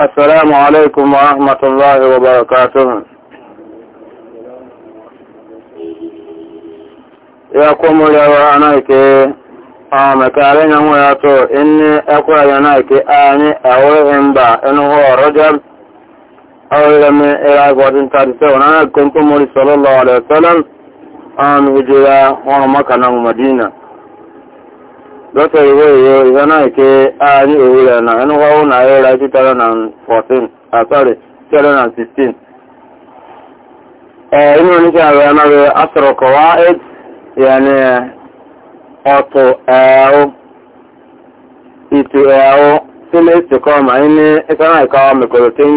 السلام عليكم ورحمة الله وبركاته يا يقوم لورانيك كارين هو ان إني يا ينايك آني اول امبا ان هو رجل أول من إلاك وطن تارسون أنا كنت مولي صلى الله عليه وسلم آن آه، هجرة ومكة مدينة lọ́tọ̀ ìwé ìwé ìwé náà ké ààrí òwú rẹ̀ náà ẹnu wáwó náà ẹ̀rọ 2014 àtọ́rẹ̀ 2016 ẹ̀ inú oníṣẹ́ àwẹ̀ anáwẹ̀ asọ̀rọ̀kọ̀wá 8 yẹni ọ̀tọ̀ ẹ̀ẹ́wó ìtù ẹ̀ẹ́wó sílẹ̀ ìsìnkọ́ ma ní ìtọ́nà ìkọ́ mẹ́kọ̀rọ̀ tí ń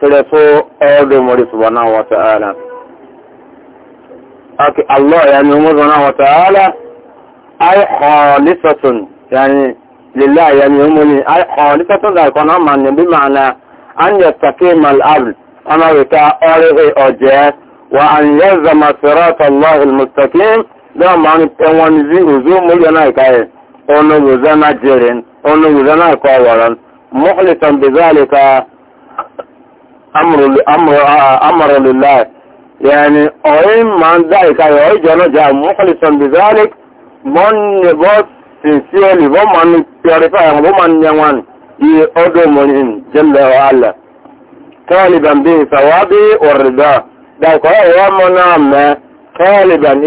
tẹlẹfọ Olódùmarè subhanahu wa ta'ala aki allah yani umar subhanahu wa ta'ala ay khalisatun yani lillah yani umuni ay khalisatun da kona man bi ma'ana an yastaqima al-abd ana wita orihi oje wa an yazama sirat allah al-mustaqim da man tawon zi uzumu yana kai ono yuzana jirin ono yuzana kawaran muhlisan bi zalika amọ̀rọ̀ lèlá yẹni ọ̀yìn máa ń dá ìkàrẹ̀ ọ̀yìn jọna jà mọ́kànlẹ̀sàn bizalik mọ́nìbọ́ sincerely wọ́n máa purify àwọn wọ́n máa ní yẹwọ́n yí ọdọ̀ mọ́rin ala. ọ̀hálà tọ́ọ̀lìbàn bí ìsàwábí ọ̀rẹ̀dá dákọ̀ ẹ̀yọ́ mọ́ náà mẹ́ tọ́ọ̀lìbàn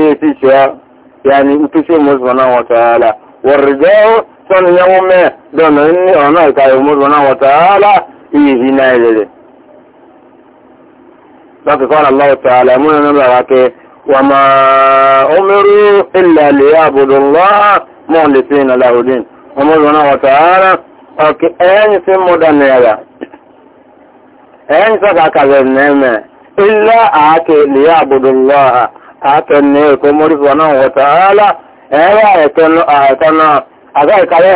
ti na láti fọ́nà lọ́ọ̀tà alẹ́múnà náà bàrá kẹ wà máa omeru ilẹ̀ lè àbòdò lọ́wọ́ mọ́ lè fi ìnà láhùdín ọmọdún náà wọ̀tà ara ọkẹ ẹ̀yìn sí mọ́dà náírà ẹ̀yìn sọ́kà kàlẹ̀ nẹ́mẹ̀ ilẹ̀ àákẹ lè àbòdò lọ́wọ́ àákẹ ní èkó mọ́rífọ́ náà wọ̀tà ara ẹ̀yà ẹ̀tọ́ náà àgbà ìkàlẹ̀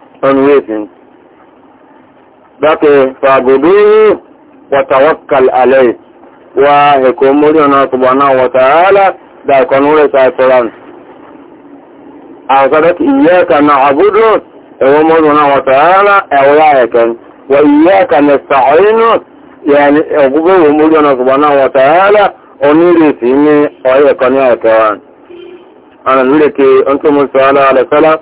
unwavering. Dake fagudu wa tawakkal alayhi wa hekomori ona subhanahu wa ta'ala da konure sa Quran. Azadat iyyaka na'budu wa mawlana wa ta'ala awlayakan wa iyyaka nasta'inu yani ogugo omori ona subhanahu wa ta'ala onire si ni oye kan ya Quran. Ana nule ke onto musala ala salat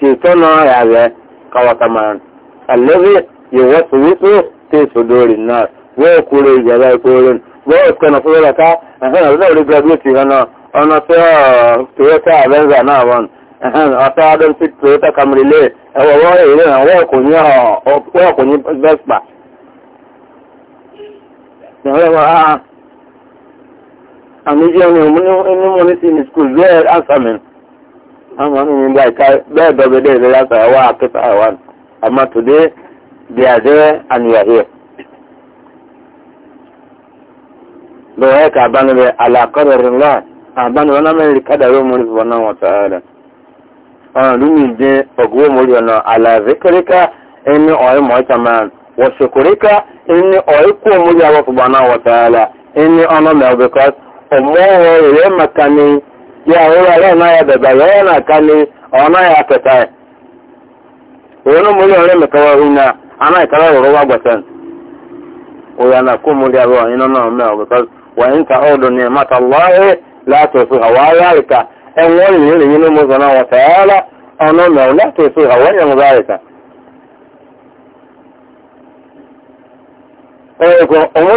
ṣètọ́nà ààrẹ kawataman alẹ́rẹ́ ìwọ́sowọ́sọ tẹ sọdọ́rì náà wọ́n kúrò ìjọba ìkórè wọ́n kọ́nà fún ọlọ́ta ẹ̀hẹ́n ọ̀dọ́ orí graduate ọ̀nà ọ̀nà tó toyota avenza náà wọn ẹ̀hẹ́n ọ̀tá adam sí toyota camry lé ẹ̀wọ̀ wọ́n èrè hàn wọ́n kò ní wọ́n kò ní vespa. Ah, ah. àmì jẹ́ ọmọ ẹni mọ́ ní Amma in India, there Dobe is like I want, I keep I want. Amma today, they are there and we are here. Lo haka abanu be ala qadarin la abanu wana me kadaro mo subhanahu wa ta'ala ọ̀ràn ló ní ìdín ọ̀gbọ́n mórí ọ̀nà àlàzíkíríkà ẹni ọ̀rẹ́ mọ̀ọ́tàmà wọ̀ṣẹ̀kùríkà ẹni ọ̀rẹ́ kú mórí àwọ̀fùgbọ̀nà wọ̀tàlà ẹni ọ̀nà mẹ́ọ̀bẹ̀kọ́ ọ̀mọ́ọ̀rẹ́ màkà ni ya wuri ala na ya da ya yana kani ona ya tata wani muri ore mekawa hina ana ikara wuro wa gwatan o ya na ko muri aro ina na me o because wa in ta odo ne mata allah la to su hawaya ka en wani ne ne ne mo zana wa taala ona me la to su hawaya mo zalika Ego, omo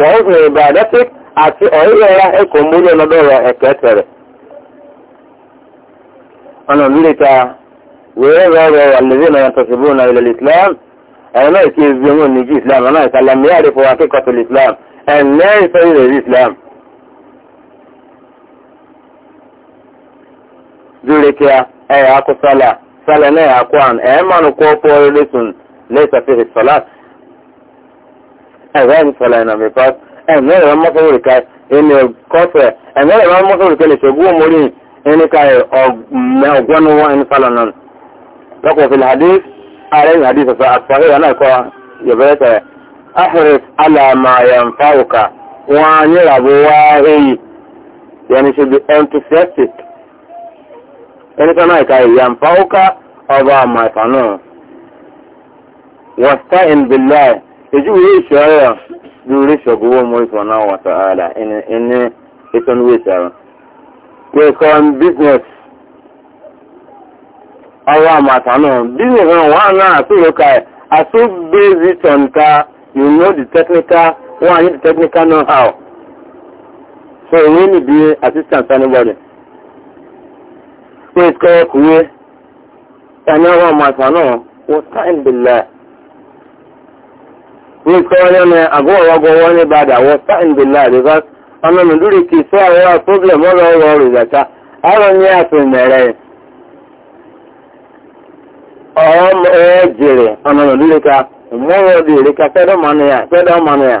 wọ́n ń rìn ìbàdẹ́tì àti ọ̀rẹ́yẹra ẹ̀kọ́ múlẹ̀ lọ́dọ̀rọ̀ ẹ̀kẹ́ tẹ̀rẹ̀. ọ̀nà mílíta wèé rọrọ àlèzé náà yàtọ̀ síbú náà ilẹ̀ islam ẹ̀rọ náà kí ebi wọn níjú islam ọ̀nà ìsàlámì àrífọ̀ akẹ́kọ̀ọ́ islam ẹ̀nẹ́ ìfẹ́ ilẹ̀ islam. dúrékìá ẹ̀yà akọ sálà sálà náà ẹ̀yà akọ àn ẹ̀ẹ́mánu kọ́ pọ́ọ́rọ́ lẹ́sùn lẹ́sàfihì sọ́láàtì ẹ̀rọ ìfọ̀lẹ̀ ìnà because ẹ̀mí ẹ̀rọ mọ́sọ̀rọ̀ká ẹni kọ́fẹ̀ ẹ̀mí ẹ̀rọ mọ́sọ̀rọ̀ká lè ṣègùn mórí ẹnìkà ọgbọ́n wọn ẹni fàlọ̀ náà lọ́kọ̀ fi hadi ààrẹ ìhà dì sọ̀sọ̀ àtúwárí ìyá náà kọ́ yọ̀bẹ̀rẹ̀ tẹ̀ bí enthusiastic ejuwe ishara dure shagowa mai sana wa ta'ala in itan we shara we kan business awa mata no business na wa na so lo kai aso base it on you know the technical one need the technical know how so we need be assistance anybody we ko kuwe tanawa mata no wa ta'ala billah nso onye na agụwagwọwa onye bada ọnụ ndụrụ ka isi awụwa problem ọrụ ọrụ ọrụ zata ọrụ ya tụ mere ọrụ ejiri ọnụ ndụrụ ka mmụọ dịrị ka fedọ ya fedọ na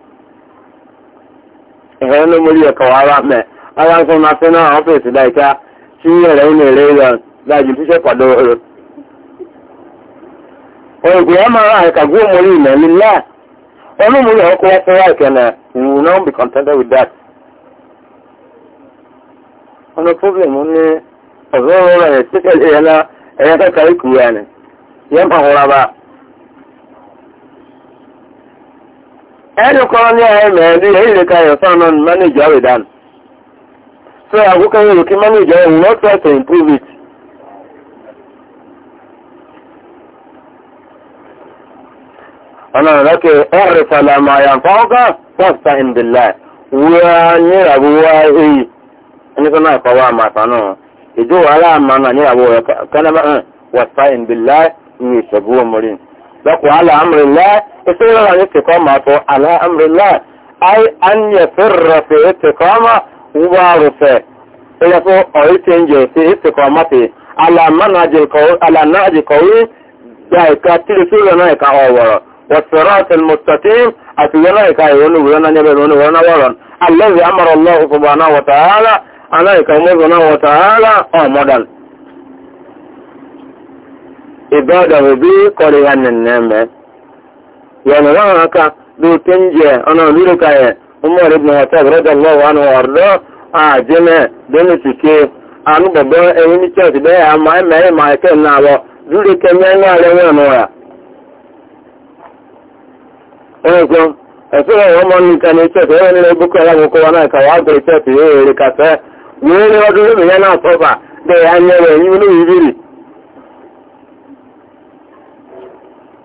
ẹ̀hẹ́ ló mórí ẹ̀kọ́ ara mẹ́ ara national office láìka tí ẹ̀rẹ́ ń lè yàn láàjù tíṣẹ́ pàdé ọ̀rọ̀. ògùn ẹ̀ máa àìkàgbé mórí ìmọ̀ ní náà olómúlẹ̀ ọkọ̀ wá fún láìkẹ́ na we will not be contented with that. ọ̀nà problem ní ọ̀zọ́ ọ̀rọ̀ rẹ̀ tí ẹ̀yẹ kẹ́kẹ́ ikú yẹn ni yẹn máa hùrà bá. ẹni kọ́ ní àìmẹ̀ ẹ̀lú ìrìnlẹ̀ka ìrọ̀sánà manager rẹ̀ dánù so àgúkẹ́ ìrò kí manager rẹ̀ will not try to improve it ọ̀nà lọ́kẹ́ ẹ̀rẹ̀ sàlàmà àyànfọ́ọ́gá pọ́sta ìndìlá wíwá ní ìràbúwá èyí ẹnikọ́nà nye لقوا على أمر الله يصير عن استقامته على أمر الله أي أن يفر في استقامة وارثة يقول أريتنج في استقامته على منهج القوي على نهج قوي ذلك تلسل نايك أولا والصراط المستقيم أتلنايك يقول ولنا نبي ولنا ولنا الذي أمر الله سبحانه وتعالى عليك مذنه وتعالى أمدن ibadahu bi ya nìnnẹ́mẹ́ yẹn ya na-eme. ya na ti ń jẹ ọ̀nà òlúrò ká yẹn ya na hatab ya lọ́wọ́ wọn ọ̀dọ́ àjẹmẹ́ bẹ́ẹ̀ni tìkẹ́ ànúgbọ̀gbọ́ ẹ̀yìn ní church bẹ́ẹ̀ àmà ẹ̀mẹ́ ẹ̀mà ẹ̀kẹ́ náà lọ dúró kẹ́mẹ́ ńlá rẹ̀ ya. nù rà. ẹ̀rọ ya ẹ̀sùn rẹ̀ wọ́n ya ní ká ní church ẹ̀rọ nílẹ̀ na aka wọn náà kàwá ya church yóò rí kàfẹ́ wọ́n ya na lómìnira náà sọ́fà bẹ́ẹ̀ ya nyẹ́rẹ̀ ẹ̀yìn olóyìnbírì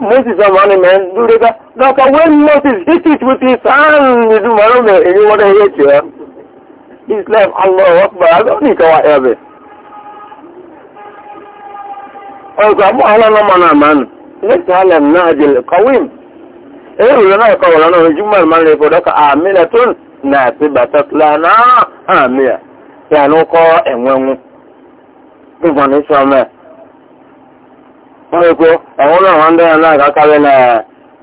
Moses amani man do they got that when Moses hit with his hand is marome and you want to ebe ọzọ This life Allah Akbar Allah ni kawa ebe. أو كم على نما نمان ليس على النهج القويم إيه ولا نقول ولا نقول na من يقولك ekwe ọhụrụ ọha ndị na-agakarị na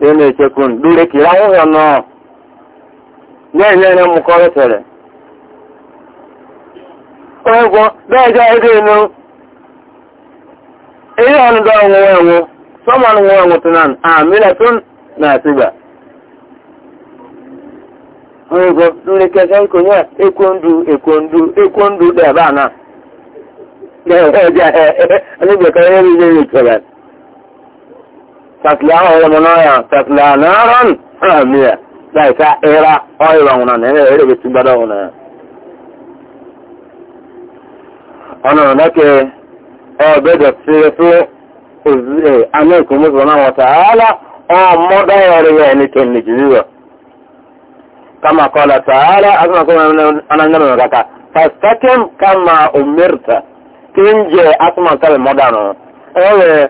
ya na-echekwu ndure kiri na-enyere mụkọrịtịrị egwu na-eje ebe enu ihe ọnụdọ ọnwụwa enwu sọman nwa enwu tunan a miletun na atiba egwu ndị kẹsẹ nkonye ekwondu ekwondu ekwondu dị ebe a na tasliyahu wani naya tasliya naran ramiya da isa era oyiba wuna ne ne ere beti gbada wuna ona na ke o be da se so ane ko mo zona wa taala o mo ni ken ni kama qala taala azna ko ana kaka fastakim kama umirta kinje asma kal modano ewe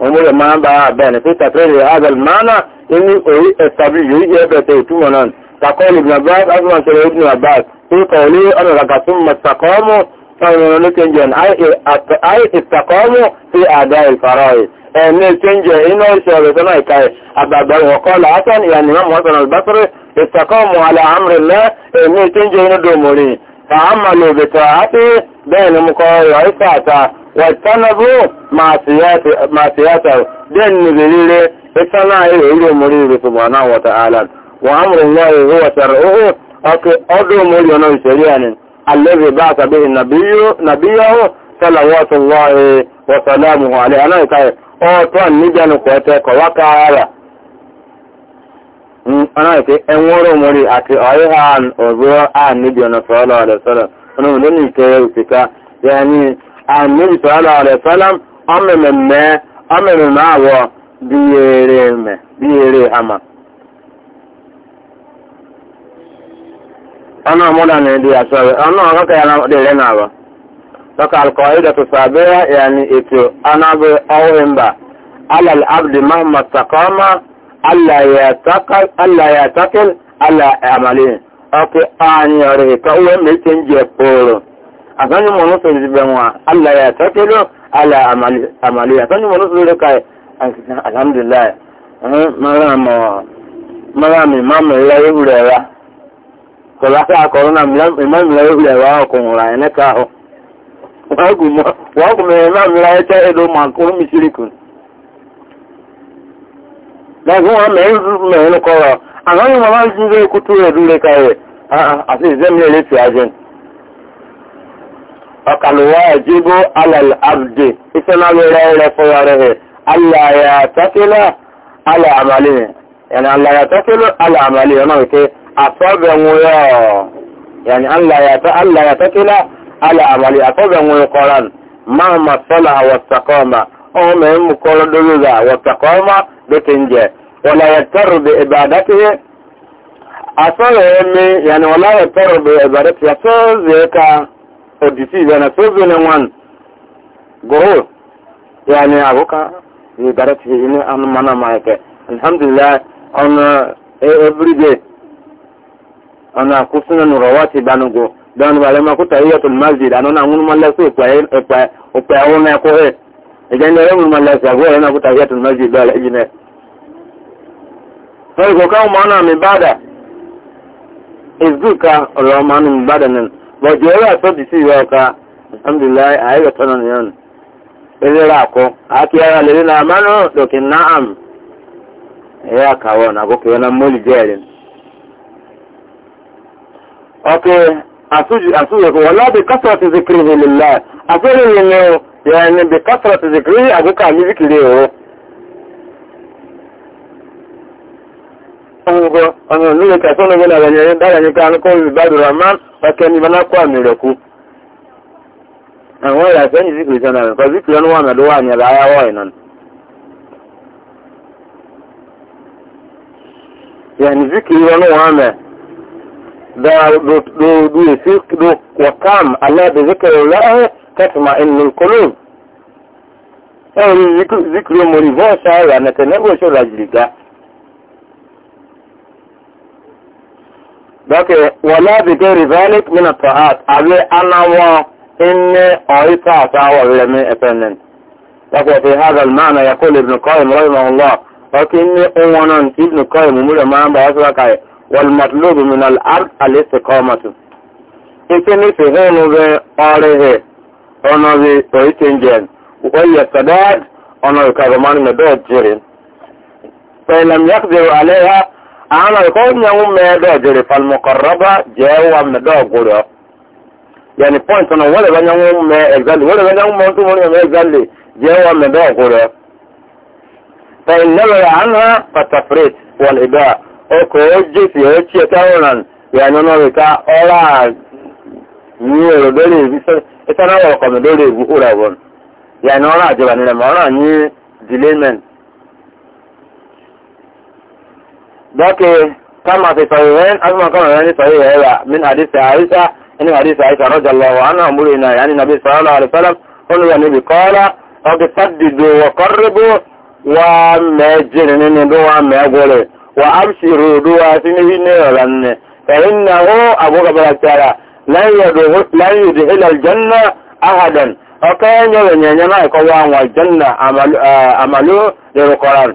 umuri maamba bene fi takriri hadha almaana inni establish yuri ebete ituma nan takoli ibn abbas azman sere ibn abbas fi qawli ana laka thumma istaqamu kawai na kenjen ai istaqamu fi adai alfarai ẹni e, kenje ina ìṣẹ̀rẹ̀ e, sọ́nà ìkàyẹ̀ àgbàgbà ìwọ̀kọ́lá hasan ìyàní imam hasan albasri istaqamu e, ala amri lẹ́ ẹni kenje ina domori fa amma lo wàtánàbó màtíyàtàwò dẹ́n níbi rírẹ́ ìtànà ilẹ̀ ilẹ̀ mórí rẹ̀ ṣùgbọ́nà wata ala wà ámùrùn lọ́rẹ̀ ìwọ̀ wàtàrà owó ọkẹ̀ ọdún mórí ọ̀nà ìṣẹ̀rí àní alẹ́bẹ̀ bá tàbí nàbíyàwó sálàwọ́tún lọ́rẹ̀ wàtàlámù annabi sallallahu alaihi wasallam ameme me awo biere me biere hama ana mola ne di asabe ana aka ya de na awo taka alqaida tusabiha yani ito ana be awemba ala al-abd mahma taqama alla yataqal alla ala amali ani ka uwe me tenje poro asani mono so zibe mwa alla ya tatelo ala amali amali asani mono so leka alhamdulillah eh mara mo mara mi ma me la yehu le wa ko la ka corona mi la mi la yehu le wa ko ra ene ka ho wa gu mo wa gu me na mi la ete edo ma ko mi siriku na gu wa me zu me ko ra asani mono zibe kutu edu leka e ah ah asi zemle le ti فقد واجب على العبد اسمع بغير صوره ألا يتكل على عمله يعني ألا يتكل على عمله نوكي أصابع ويا يعني ألا يتكل على عمله أصابع ويقران مهما الصلاة والتقامة أو مهم كل دلوذة والتقامة بتنجي ولا يضطر بعبادته أصابع يعني ولا يضطر بعبادته أصابع odisi zana so ne wan goro yani abuka ye garat ye ne an mana ma alhamdulillah on every day ana kusuna no rawati banugo dan wale ma kuta iya tul masjid anona ngun malla so kwa kwa kwa ona ko he idan ne ngun malla so go ana kuta iya tul masjid dala ijine sai go ka mana mi bada izuka ro bada nan bọ̀jọ̀ ẹ̀rọ àtọ́dì sí ìwà ọ̀ka alhamdulillah àìyẹ̀ tọ́nà nìyàn elera akọ àti ara lè rí na amánú lòkè náàm ẹ̀yà àkàwọ̀ nà àkókò yẹn na mọ́lì jẹ́rì ọkẹ́ àtúnyẹ̀kọ̀ wọ́n láti kásọ̀rọ̀ ti zikiri nílùú láì àtúnyẹ̀kọ̀ yẹn ni bí kásọ̀rọ̀ ti zikiri àgbékà mí zikiri ẹ̀rọ ọmọkọ ọmọ ìlúlẹ̀ kẹsàn lọ́wọ́ làwẹ̀yẹ dáyẹ̀yẹ ká ní kọ́wọ́ ìbádùn ramán pàkẹ́ ní maná kó àmì rẹ̀ kú àwọn ìyàsẹ́ ní zikiri sọ́nà rẹ̀ kọ́ zikiri ọ̀nà wàmẹ̀ ló wà ní ẹ̀lá ayáwọ̀ ìnàn yẹn zikiri ọ̀nà wàmẹ̀ da do èsì do wọ̀kàm aláàbẹ̀ zikiri lọ́wọ́ kẹtùmá ìnìn kọ́lù ẹ̀rọ zikiri mọ̀rì bọ́ọ̀ṣà rẹ̀ ànàtẹ̀ nẹ́gbẹ̀ẹ́ṣọ́ donc wala bigeri zalik min ataat abe anawa inni oita sawa ulemi efenen donc fi hadha almana yaqul ibn qayyim rahimahullah lakinni uwanan ibn qayyim mule mamba yasra kai wal matlubu min al ard al istiqamatu ikini fi hunu be orehe ono bi oitenjen oye sadad ono karamani me do jirin fa lam yaqdiru alayha ana ko nyamu me do jere fal muqarraba je wa me do goro yani point na wala ba nyamu me exactly wala ba nyamu montu mo me exactly je wa me do goro fa innama anha fatafrit wal ida o ko je si o chi tawran yani no ka ora ni ro dole bi so etana wa ko me dole bu ora won yani ora je ba ni ma ora ni delayment ذاك كما في صحيحين أما كما في صحيح من حديث عائشة إن حديث عائشة رضي الله عنها أمرنا يعني النبي صلى الله عليه وسلم قل يا نبي قال قد سددوا وقربوا وما جنن دوا ما يقول وأبشروا دوا سنه نيران فإنه أبو قبل التالى لن يدخل الجنة أحدا وكان يبني ينعي قوام والجنة عملوا للقرآن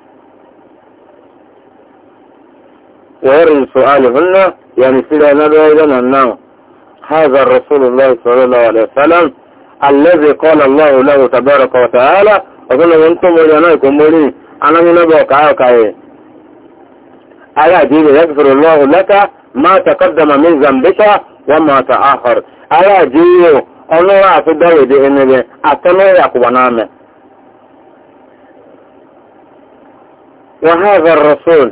ويرد سؤالهن يعني سيدا نبي أيضاً أنه هذا الرسول الله صلى الله عليه وسلم الذي قال الله له تبارك وتعالى وقال أنتم وجنائكم مولين أنا من أبوك عاوكاي آية جيدة يغفر الله لك ما تقدم من ذنبك وما تآخر آية الله أنه دوي بإنه أتنوي نامه وهذا الرسول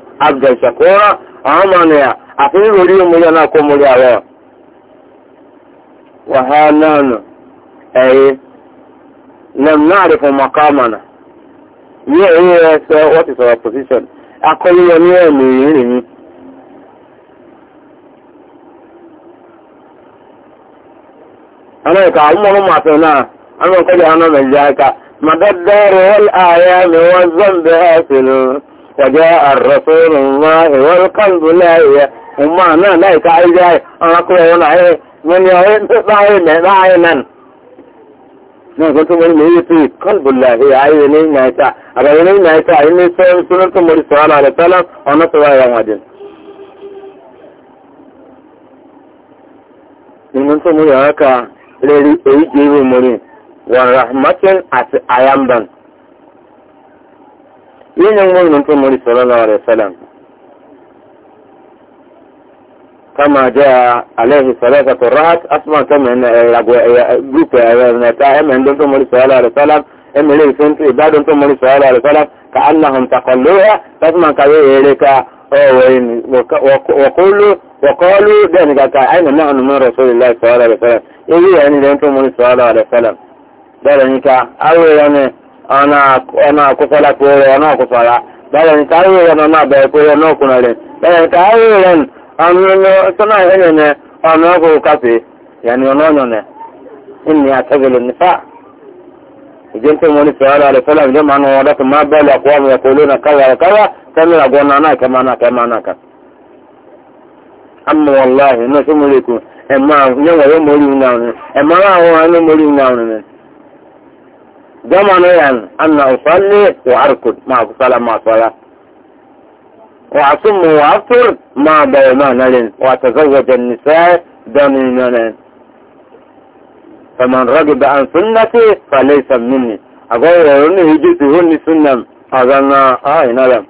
abdan shakura amana ya afi hori mu yana ko mu yawo wa na ay lam na'rifu maqamana ye ye so what is our position akọni wọn ẹ̀mí ìrìn ni amẹ́ríkà ọmọrún màfẹ́ náà amẹ́ríkà jẹ́ ọ̀nà nàìjíríà وجاء الرسول الله والقلب لا أما أنا لا يتعي جاي أنا أقول هنا من يعين تسعين عينا نقول من ميتي قلب الله عيني نايتا عيني نايتا عيني سنة مرسى الله عليه وسلم أنا سوى يا مدين nínú tó mú yàrá ká lérí èyí jẹ́ ìwé mọ́rin wọ̀n rahmatin àti ayamban yíyan mọ́rin tó mọ́rí sallallahu alaihi wasallam kama jẹ́ aláìsí sọ́lọ́ta tó ráhat asman tó mẹ́rin ẹ̀yàgbọ́ gúúpù ẹ̀rẹ̀ta ẹ̀mẹ́rin tó mọ́rí sallallahu alaihi wasallam ẹ̀mẹ́rin tó tó ìbádùn tó mọ́rí sallallahu alaihi wasallam ka annahum taqalluha tasman ka yẹ́ ẹ̀rẹ́ ka wọ́kọ́lù dẹ́ni kàkà aina náà nù mọ́ rasulillahi sallallahu alaihi wasallam ọ̀nà àkọ́kọ́ láti ọ̀rẹ́ ọ̀nà àkọ́fàrà báyẹ̀ ní tààrí rẹ̀ ọ̀nà àbẹ̀rẹ̀ pé ọ̀nà ọkùnrin rẹ̀ báyẹ̀ ní tààrí rẹ̀ ọ̀nà ẹ̀yẹnẹ̀ ọ̀nà ọkùnrin káfẹ́ yàní ọ̀nà ọ̀nyọ̀nẹ̀ ìní àtẹ́gbẹ̀lẹ̀ nífà ìjẹ́ tó mọ́ ní fẹ́rẹ́ alẹ́ fẹ́lẹ́ ìjọ máa ń wọn dọ́kùn máa bẹ́ẹ̀lẹ̀ ọ̀pọ̀ ọmọ ẹ̀kọ́ olóòna káyà káyà tẹ́lẹ̀ àgọ́ náà náà kẹ́mà náà kẹ́mà náà kà. àmọ́ wọ́n láàyè náà tó mọ́ lè kú ẹ̀ máa yẹ́wọ̀ yóò mọ́ orí ìnáwó ẹ̀ máa ń àwọn ọ̀hán ló mọ́ orí ìnáwó nìyẹn. ضمن يعني أن أصلي وأركض مع صلاة مع صلاة وأصم وأفطر مع بيمان وأتزوج النساء دون فمن رغب عن سنتي فليس مني أقول أني هجيت هني سنة أظن آه نعم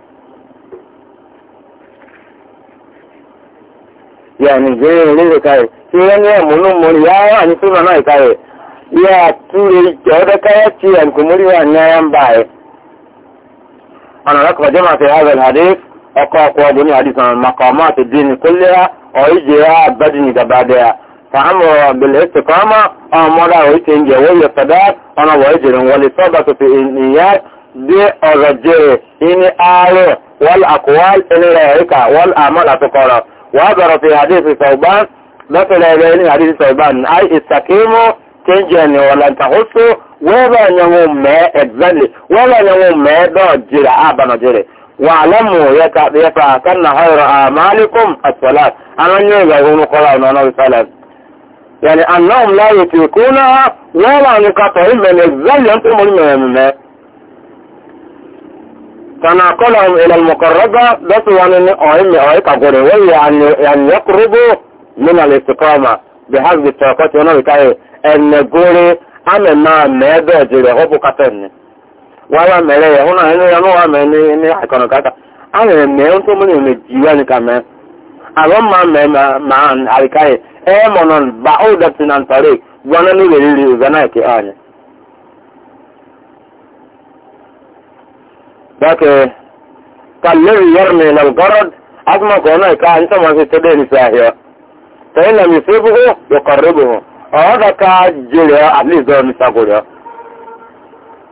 يعني جاي لذلك في أن يأمنون مريا يعني سنة نايك ya ture jawda kaya tiyan kumuri wa nyayan bae ana lakwa jama fi hadha alhadith akwa kwa duni hadith an uh, maqamat ad-din kullaha aw ijra badni gabadaya fa amru uh, bil istiqama amara wa tinja wa yasada ana wa ijra wa li sabata fi niyyat bi arje ini ayo wal aqwal ilayka wal amal atqara wa hadara fi hadith thawban مثل هذين حديث ثوبان أي استقيموا chenjeni wala ntahusu wewe nyangu me exactly wewe nyangu me do jira abano jire wa'lamu yata yata kanna hayra amalikum as-salat amanyo ga yunu qala na nabi salat yani annahum la yutikuna wala nikata illa exactly antum mulimene تناقلهم إلى المقربة بس يعني أهم أهيك أقول وهي أن يقربوا من الاستقامة behag bi tọkọtị ọ nọrịta ya enegori amema ma ebe ojiri hụ bụ katọn wawa mere ya hụ na ịnụ ya n'ụwa mee ndị a nwere mee na-eme mee arụ mma mee ma na ntarik gwana n'ụlọ riri ụga na eke anyị dọkị kalori yarmi na gọrọd asụmakọ ọ na-eke anyị fẹ́yìn lẹ́mí fẹ́bùkú yọkọ̀rẹ́bù hàn ọ̀rọ̀ dàka jèrè àlìzọ́ ní sagolẹ̀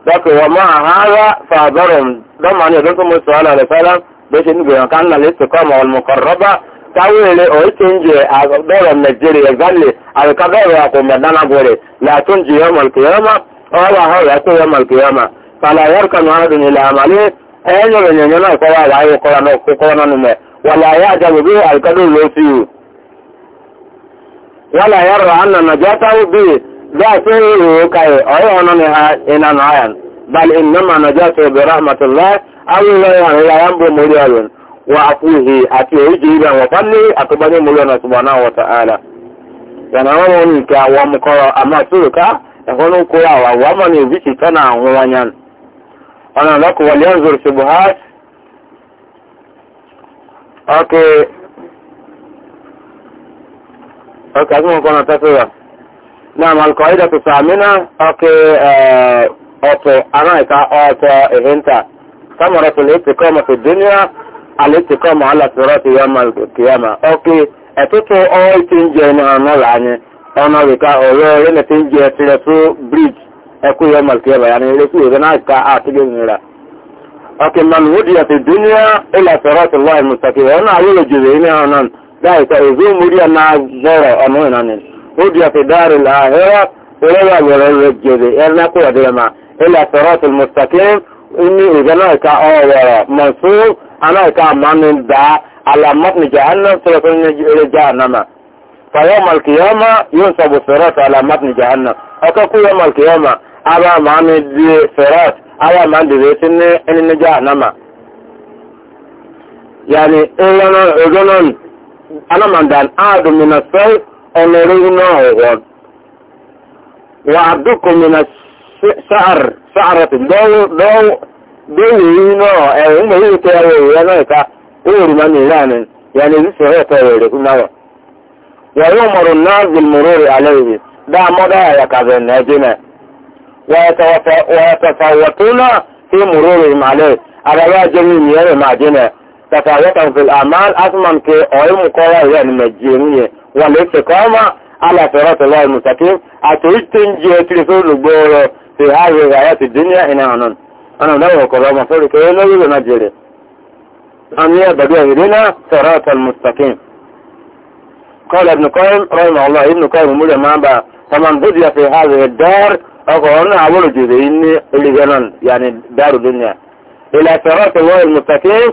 dọ́kì wọ́n máa hàrá fàbọ̀rọ̀ dọ́màní ọdún tó mú sọ ọ́ lọ́lẹ̀ fẹ́lá bẹ́ẹ̀ ṣe nígbìyàn kan náà lè sọ̀kọ́ ọmọ ọlmọkọ̀rọ́bà táwéèrè ọ̀ẹ́tì ń jẹ àbẹ̀rọ̀ nàìjíríà ẹ̀gbálẹ̀ àbíkábẹ̀rẹ̀ àkọ́mọ̀ dánágbẹ̀rẹ̀ làtún jẹ ọmọ ìkìyàmá ọ̀rọ̀ àwọn ọ̀rọ̀ ẹ̀tọ́ ọmọ ìkìyàmá fàlàyọ̀rọ̀ kan náà dùn ilẹ̀ àmàlẹ́ ẹ̀yẹ́nyẹ̀rẹ̀ yẹ̀nyẹ̀ náà kọ́ra àwọn ayé kọ́ra náà kọ́ra lọ́sí yìí wala yarra anna najatahu bi dhatihi kai ayo onone ha ina nayan bal innama najatu bi rahmatillah aw la yambu muliyalun wa afuhi ati ujiba wa fadli atubani muliyana subhanahu wa ta'ala yana wa ni ka wa mukara amma suka ehonu kura wa wa mani biki tana huwanyan ana lako wal yanzur shubuhat okay اوكي ازمو كنا تفرع نعم القاعدة تسامنا اوكي اه اوتو انا اتا اوتو اهنتا ثمرة الاتقامة في الدنيا الاتقامة على صراط يوم القيامة اوكي اتوتو اوي تنجي انا نولاني انا بكا اولو لما تنجي تلسو بريج اكو يوم القيامة يعني لسو اذا اكا اعتقل نولا اوكي من ودي في الدنيا الى صراط الله المستقيم وانا عليه جزئين انا ذلك إذن مريا مع زورة أمونا هدي في دار الآخرة ولا يغير الجزء إلا قوة لما إلا صراط المستقيم إني إذا نايك أولا منصور أنا كمان دعا على متن جهنم سيكون جهنم فيوم القيامة ينصب الصراط على متن جهنم أكاكو يوم القيامة أبا مامي دي alamadan aadu mina sɛl ɔnɔri ina ɔwɔn wa aduku mina saar saarati dɔw dɔw dɔw yi ina ɛwɔ ina yi ta yɛ wɔ yɛ n'ayi ka wɔri ma ni yaani yaani yi sɛ yɛ ta yɛ de kuna wa wa yɛ mɔri naazil alayhi daa mɔda yɛ yɛ kaze na jina wa yɛ ta wa yɛ ta sa wa tuna fi murori alayhi ala yɛ jɛ mi yɛ ma jina. تفاوتا في الأعمال أثمن كي أعلم قوة يعني مجينية والاستقامة على صراط الله المستقيم أتوجتن جيتلسون الجورة في هذه الحياة الدنيا إن أنا أنا نوع قوة مصوري كي نوي نجري أن يبدو إلينا صراط المستقيم قال ابن قيم رحمه الله ابن قيم مولى مابا فمن بدي في هذه الدار أقولنا أول جزئين اللي جنن يعني دار الدنيا إلى صراط الله المستقيم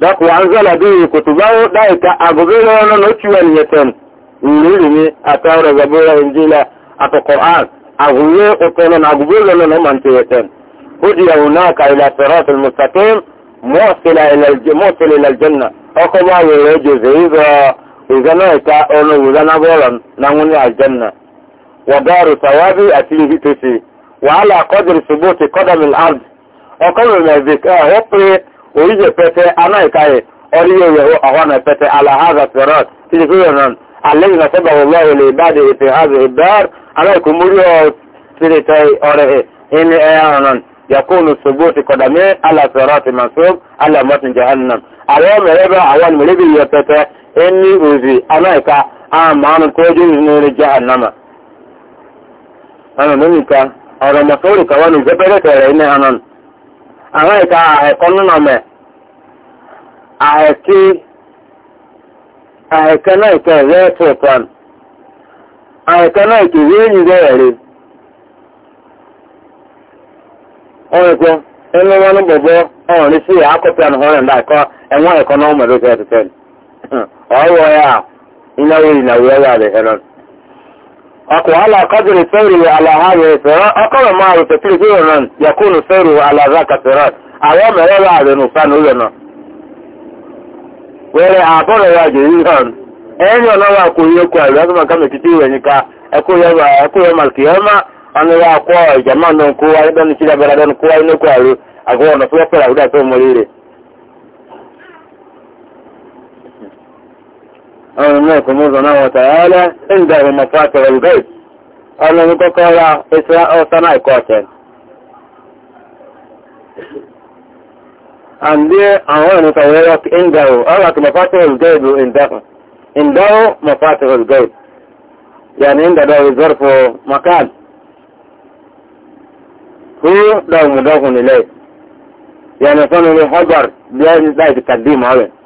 dak wanzala bihi kutubahu daika agobiroono nocuwan yeten nlirimi atawra zabura injila ato qur'an aguye utonon agubirlono nomante yeten hudiya hunaka ila sirat almustaqim musil ila aljanna okoba werejoze izo izanoika ono wuzanaboron nanguni aljanna wa daru sawabi atihitisi wa ala qadri subuti qadami alard okobe mezika orije pete ana ikaye oriye yeho ahwana pete ala hadha sirat tiji kuyo nan alladhi nasabahu Allah li ibadihi fi hadhihi ad-dar ala kumuri tiritai orehe ini ayanan yakunu subuti kodame ala sirati mansub ala matin jahannam ala mereba awan mulibi yatata inni uzi ana ika amanu kojin ni jahannama ana nika ara masori kawani zebere tere ina anan àwọn ìta àhẹ̀kọ́ nínà mẹ́ àhẹ̀kí àhẹ̀kẹ́ náà ìkẹ́ rẹ̀ tọ̀tàn àhẹ̀kẹ́ náà ìkẹ́ rẹ̀ ní rẹ̀ ya ọ̀rẹ́kọ́ ẹnu wọn gbogbo ọ̀rọ̀ sí àkọ́pẹ́ ànàhọ́rẹ̀ ẹ̀wọ̀n ẹ̀kọ́ náà mẹ́rẹ́ ya أكو على قدر سيره على هذه الصراط أقام معه تفير فيه يكون سيره على ذاك الصراط أيام يلا عبد نصان ولنا wẹ́rẹ́ àbọ̀rọ̀ ya jẹ́ ìrìnàn ẹni ọlọ́wà kò yẹ kó àrẹ ọdún maka mẹ́kìtì rẹ̀ níka ẹkúyẹ malkiyama ọ̀nà akọ́ ìjàmá náà kó wáyé dánú sílẹ̀ bẹ̀rẹ̀ أن الله سبحانه وتعالى عنده مفاتح البيت أن نتقرأ إسراء وصنع كوتين عندي أهوان يتويرك عنده أرك مفاتح الغيب عنده عنده مفاتح الغيب يعني عنده ده ظرف مكان هو ده مضاف إليه يعني فنه حجر ده تقديم عليه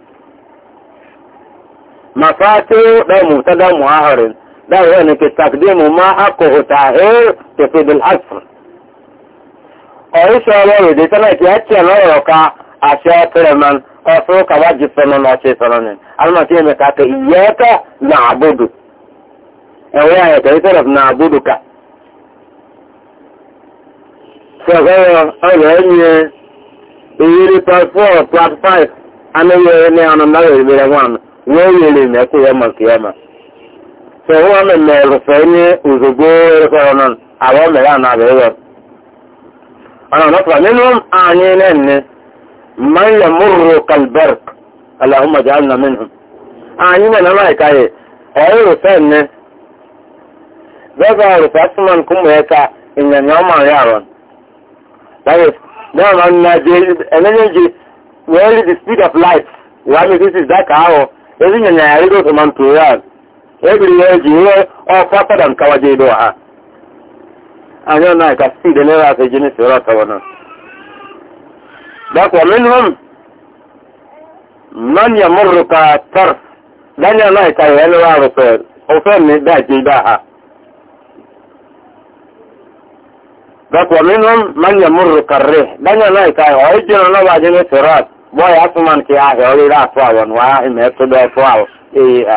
مفاتو ده مبتدا معاهر ده يعني تستخدمه ما حقه تعهير تفيد الحصر ọ̀ríṣẹ́ ọrụ èdè tẹ́lẹ̀ tí ẹ̀tì ọlọ́rọ̀ ka àṣẹ tẹ́lẹ̀mán ọ̀fún kàwájì fẹ́mọ́ náà ṣe sọ̀rọ̀ ni alọ́mọ̀tí ẹ̀mẹ̀ kàkẹ́ ìyẹ́ẹ̀kẹ́ náà weyere mekụ ya maka ya ma sọwa meme rufe nye ozugbo refere nọ awa mere a na-abịa ịghọ ana nọkwa minhum anyị nenne man ya murru kalberg allahumma ja'alna minhum anyị na na maika ye ọyị rufe nne bẹbẹ rufe asuman kuma ya ka ịnyanya ọma ya arọ that is dama na je enenye ji where E ezi nyanya ya rido su man tuya ebiri ya ji ihe ọkwa pada nkawa je ido ha anya na ka si da nera ta jini su rata wana dakwa minhum man ya murruka tarf danya na ka ya nera rufe ofe ne da je da ha dakwa minhum man ya murruka re danya na ka ya ojina na wajen su rata bọ́ọ̀yà asuman kì í ahẹ́ orí ráàtú àwọn wàá ìmọ̀ ẹ̀tọ́ bẹ́ẹ̀ fọ́ àwọn èyí ha.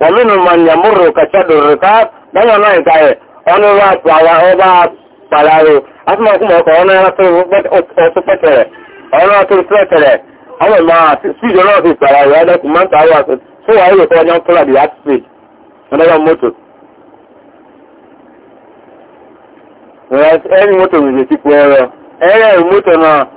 wọ́n mímu mọ̀ ní ẹ̀múrò kẹsẹ́ dòrò ká lẹ́yìn ọ̀nà ìka yẹ ọ̀nà ráàtú àwọn ọba pàdánù asuman kúmọ̀ ọkọ̀ kere. A ọtún pẹ̀tẹ̀rẹ̀ ọ̀nà ọtún pẹ̀tẹ̀rẹ̀ àwọn ìmọ̀ síjọ náà fi pàdánù ẹ̀dẹ́kùn mọ́ta àwọn àti fún wàá ìlú kọ́ ọ̀nà kúlà dì ẹ̀rẹ́ mọ́tò moto.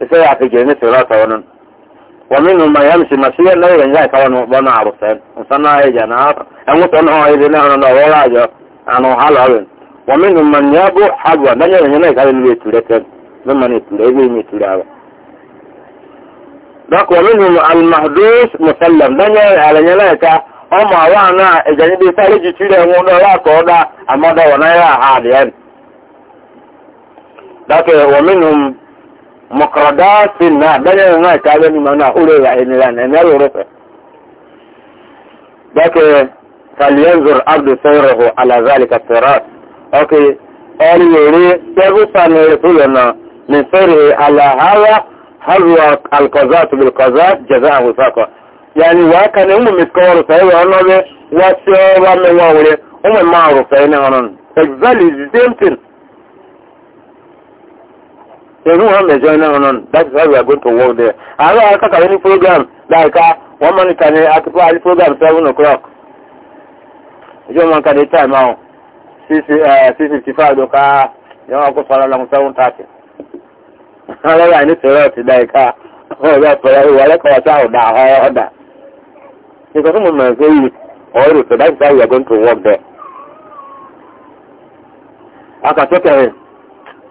isaga akajirni silatawanan wa minhum man yamshi masiya nabiga njaa kawan bana aruseen usanaajan angutanhoidinahnanololaajo anu Na wa minhum man yabu habwa danyadanyanay kalinwe tuleten mimani tuleibimi tulaaba donc wa minhum almahdus musallam danyay alanyanayka ọmọ àwọn àna ìjẹ̀yìn bíi sáré jù tí lẹ́wọ̀n ọdọ́ látọ̀ na ya wọ̀n náírà àdìẹ́ dákẹ́ wọ̀mínú mọ̀kàrọ̀dáàtì náà bẹ́ẹ̀ náà ìtàgẹ́ ní ma náà orí ìrìnlẹ̀ ẹ̀mẹ́rẹ̀ orúfẹ́ bẹ́kẹ̀ kàlíẹ́zùr abdùsẹ́rẹ̀hù alazalika tẹ̀rẹ̀ ọkẹ̀ ọlẹ́rẹ́ tẹ́rùsànlẹ̀ ìpìlẹ̀nà ní fẹ́rẹ̀ alahawa hazuwa alkazat bilkazat jaza ahusakọ yani wa ka ne mu miskawar sai wa nabe wa ce wa mai wa wure umma ma'ruf sai ne hanan exactly the same thing They know how to join on. That that's why we are going to work there. I know I any program like uh, one man can I uh, program seven o'clock. You time uh, now. uh you go for long seven thirty. I I need to write like uh oh yeah for I like what I would that. Because some man say you or so that's why we are going to work there. I can take him.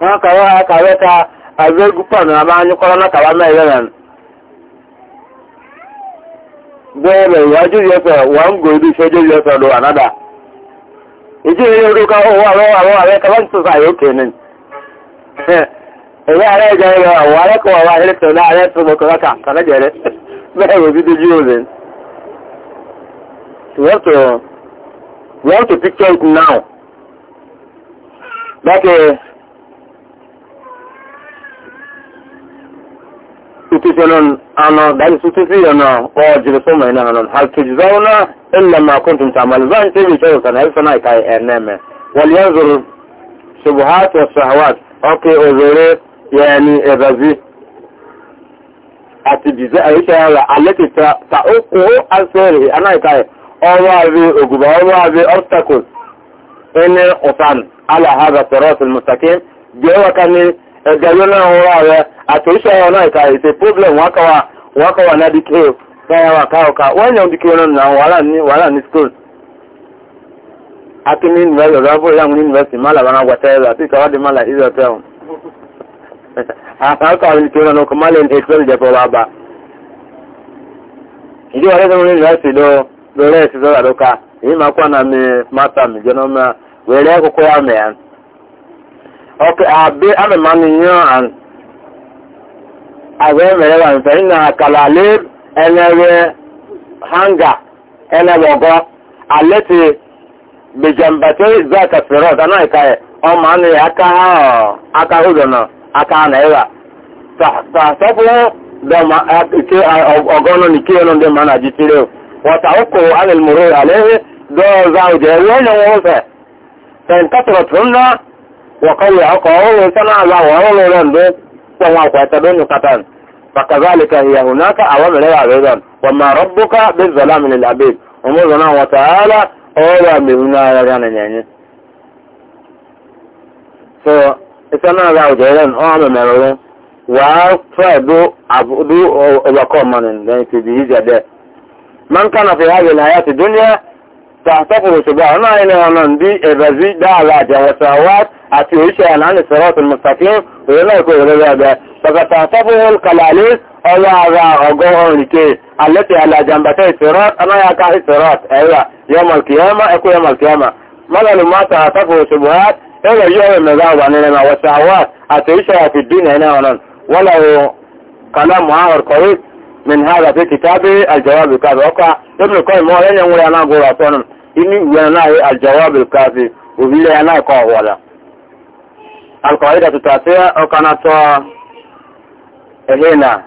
wọn kàwé kàwé ta na ma na kàwá mẹ ẹyẹ nan bẹẹ bẹ wàá jù yẹ fẹ wàá ń gòdì ṣe yẹ fẹ lọ ànádà ìjì yẹ yẹ ká owó ni ẹyẹ àrẹ jẹ yẹ wọ àrẹ kọ wà àrẹ tẹ náà àrẹ tẹ mọkọ kàkà kàkà jẹrẹ bẹẹ wò bí dojú we have to تتسنن أنا دعي ستسينا واجب سمع نهنن هل تجزون إلا ما كنتم تعمل بان تبي شوكا هلفنا إكاي أنام ولينظر شبهات والشهوات أوكي أزوري يعني إبازي àti jìzẹ́ àríṣẹ́ ara àlẹ́kì ta ó kó ánsẹ́rì anáìka ẹ̀ ọwọ́ àrí ògùnbà ọwọ́ àrí obstacles ẹni ọ̀sán aláhàbà sọ̀rọ̀ ọ̀sán mùsàkí jẹ́ wákà ní ẹgbẹ̀rún náà ń rọ rẹ àtòríṣẹ́ ẹ̀rọ náà ìka ìṣe problem wọ́n kọ́ wa wọ́n kọ́ wa ní dk fẹ́ràn wà káọ̀ká wọ́n yàn dk náà nà wàhálà ní school akíní university ọ̀dọ́ àbúrò yàmù ní university málàbà náà wàtẹ́ ẹ̀rọ àti ìkàwádìí málà israel tẹ́wọ̀n àkàkọ́ àwọn dk náà kọ́ málẹ̀ ní ètò ìjẹ́pọ̀ wà bá ìdí wà lẹ́sẹ̀ ní university lọ lọ́rẹ́ ìṣiṣẹ́ àdọ́ka èyí máa kọ́ àná mi máa tà mí jẹ́ náà wẹ̀rẹ́ kókó yà mẹ́yàn ọkụ abe amemanu nyere an agwa emere wa mfe na akala ale enere hanga enere ọgọ aleti bejambate zaka ferot anaghị ka ọma anụ ya aka ha aka ụzọ na aka na ịwa tasọpụrụ dọma ike ọgọ nọ n'ike nọ ndị mma na jitire wata ụkụ anụ mụrụ aleghị dọọza ụjọ ewe onye nwe ụzọ fẹ̀ǹkátọ̀rọ̀ tó وقوي عقارهم سمع وعرهم لنبه وهو قتلون قتل فكذلك هي هناك أوام لها أيضا وما ربك بالظلام للعبيد ومرنا وتعالى أولا بهنا يغانا يعني so ìsẹ́nà ra ọ̀jẹ̀rẹ̀ ní ọmọ mẹ́rin wà á fẹ́ bó àbúdú ọlọ́kọ̀ mọ́ni lẹ́yìn tí bí ìjẹ́ dẹ́ máa ń kánà fi háyè láyé ti dúnyẹ́ ọ̀nà ń bí wáàtì àti òṣìṣẹ́ àlànà sọ́rọ̀tún mustaqim òun náà kò rẹ̀ rẹ̀ bàkàtà sọ́fún kàlàlẹ́ ọwọ́ ara ọgọ́rùn-ún rìkẹ́ alẹ́tẹ̀ alàjàmbàtà ìsọ̀rọ̀t anáyàká ìsọ̀rọ̀t ẹ̀rà yọmọ̀kìyàmá ẹkú yọmọ̀kìyàmá mọ́lẹ̀lú mọ́ta àtàkùn ṣubuhat ẹ̀rọ yóò mẹ́gà wà nílẹ̀ náà wọ́n ṣàwọ́ àti ìṣẹ́ àti dín ẹ̀ náà náà wọ́n lọ́wọ́ kàlámù àwọn kọ̀wé min hada fi kitabi aljawabi kafi ọkọ ibn kọ́yìn mọ́ ẹ̀yẹ̀ ń wúra náà kọ́ ọ̀wọ́lá القاعدة التاسعة وكانت هنا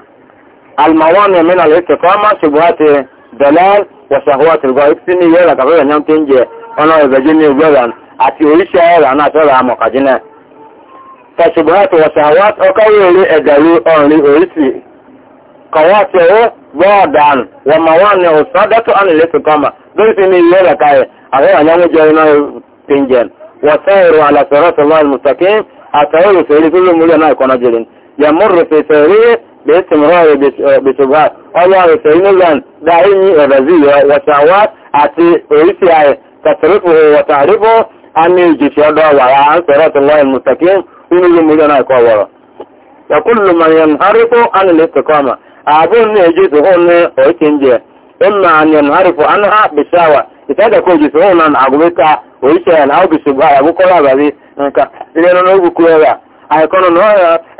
الموانع من الاستقامة شبهات دلال وشهوات الغائب سني يلا كبيرا نعم تنجي أنا يبجيني وجوان أتي ويشا يلا أنا أتولى مقاجنة فشبهات وشهوات وكوي لي أدلو أولي ويشي قواته بعدا وموانع الصدق عن الاستقامة دول سني يلا كاي أغير نعم جينا تنجي وسائر على صراط الله المستقيم أتعود سيري في المولي أنا يكون أجل يمر في سيريه باستمرار بشبهات الله سيرين لأن دعيني رزية وشعوات أتي أريسي تصرفه وتعرفه أن يجيش يدعو وعن صراط الله المستقيم إنه المولي أنا يكون وراء وكل من ينحرف عن الاستقامة أبون يجيس هون أريسي إما أن ينحرف عنها بشاوة إذا كنت يجيس هون عن عقبتها ويشي أو بشبهة أبو كلها بذي nka ilé lọ́nà òkùnkùn ẹ̀yà àìkọ́nà náà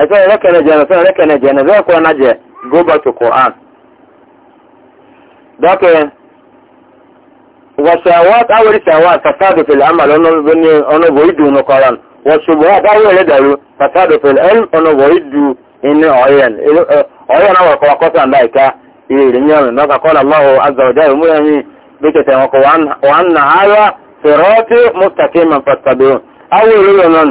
ẹ̀sẹ̀ ẹ̀rẹ́kẹ̀rẹ̀ jẹ̀ ẹ̀sẹ̀ ẹ̀rẹ́kẹ̀rẹ̀ jẹ̀ ẹ̀sẹ̀ ẹ̀kọ́ na jẹ̀ go back to Quran. awa wàṣàwọ́t awẹ́rì awa fasadu fèlè amal ọ̀nà bòyí dùn ní Quran wàṣùgbọ́n àbáwọ̀ ẹ̀rẹ́ dàrú fasadu fèlè ẹ̀m ọ̀nà bòyí dùn ní ọ̀yẹn ọ̀yẹn àwọn ọ̀kọ̀ akọ́sà ndị ìka ìrìn yẹn lọ́kà kọ́lá lọ́wọ́ azọ̀já ìmúyẹn yìí bí kẹsẹ̀ wọn kọ wà ń nà áyà fèrọ́tì mustaqim fàtàbí awo ìrírọ̀ náà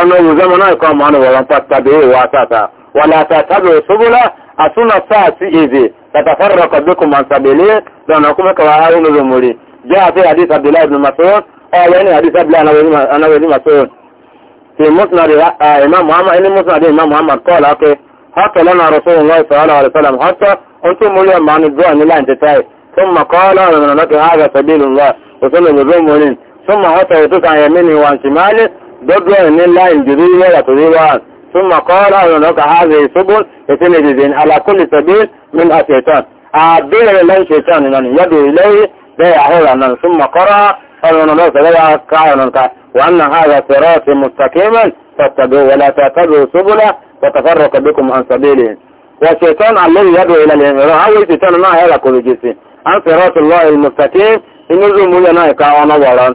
ọ̀nà ìwòzẹ́mọ̀ náà kan mọ̀ wọn pàtàkì ìwà àtàtà wà látàtàbí ìṣòbólá àtúnà sáà sí èdè tàtàfàrà kọ̀gbẹ́kùn mọ̀tàbẹ̀lẹ́ lọ́nà kúmẹ́ kọwàá arínú lómúrí jẹ́ àti àdísà bílá ibn masoon ọ̀rẹ́ ní àdísà bílá anáwẹ̀lú masoon ti musnadi imam muhammad ilé musnadi imam muhammad kọ́ọ̀lá pé hátọ̀ lọ́nà rasulullah sallallahu alaihi wasallam hátọ̀ ohun tí ثم قال من لك هذا سبيل الله وصلى بذوم ثم حتى يطوط عن يمينه وعن شماله ضده ان الله الجذية وتذيبها ثم قال أولوك هذه سبل يتم جزين على كل سبيل من الشيطان أعبير لله الشيطان أن يدعو إليه بيع هو ثم قرأ أولوك بيع كأولوك وأن هذا صراطي مستقيما فاتبعوا ولا تعتبروا سبلا وتفرق بكم عن سبيله والشيطان الذي يدعو إلى الانحراف هو الشيطان ما هذا كل بجسي عن صراط الله المستقيم إنه زمولنا يكاونا وران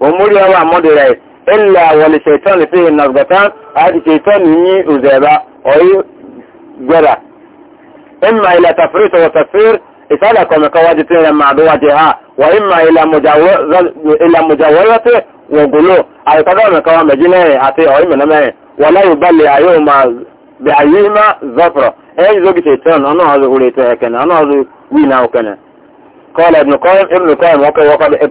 omuriya wa mudira illa wal shaytan fi nazgatan hadi shaytan ni uzeba oyi gwara imma ila tafrit wa tafsir isala kama kawaji tena maadwa jeha wa imma ila mujawaza ila mujawazati wa gulu alikadha makawa majine ati oyi mename wala yubali ayuma bi ayima zafra اي زوجي شيطان انا عاوز اقول ايه كده انا عاوز وين او كده قال ابن قايم ابن قايم وقال وقال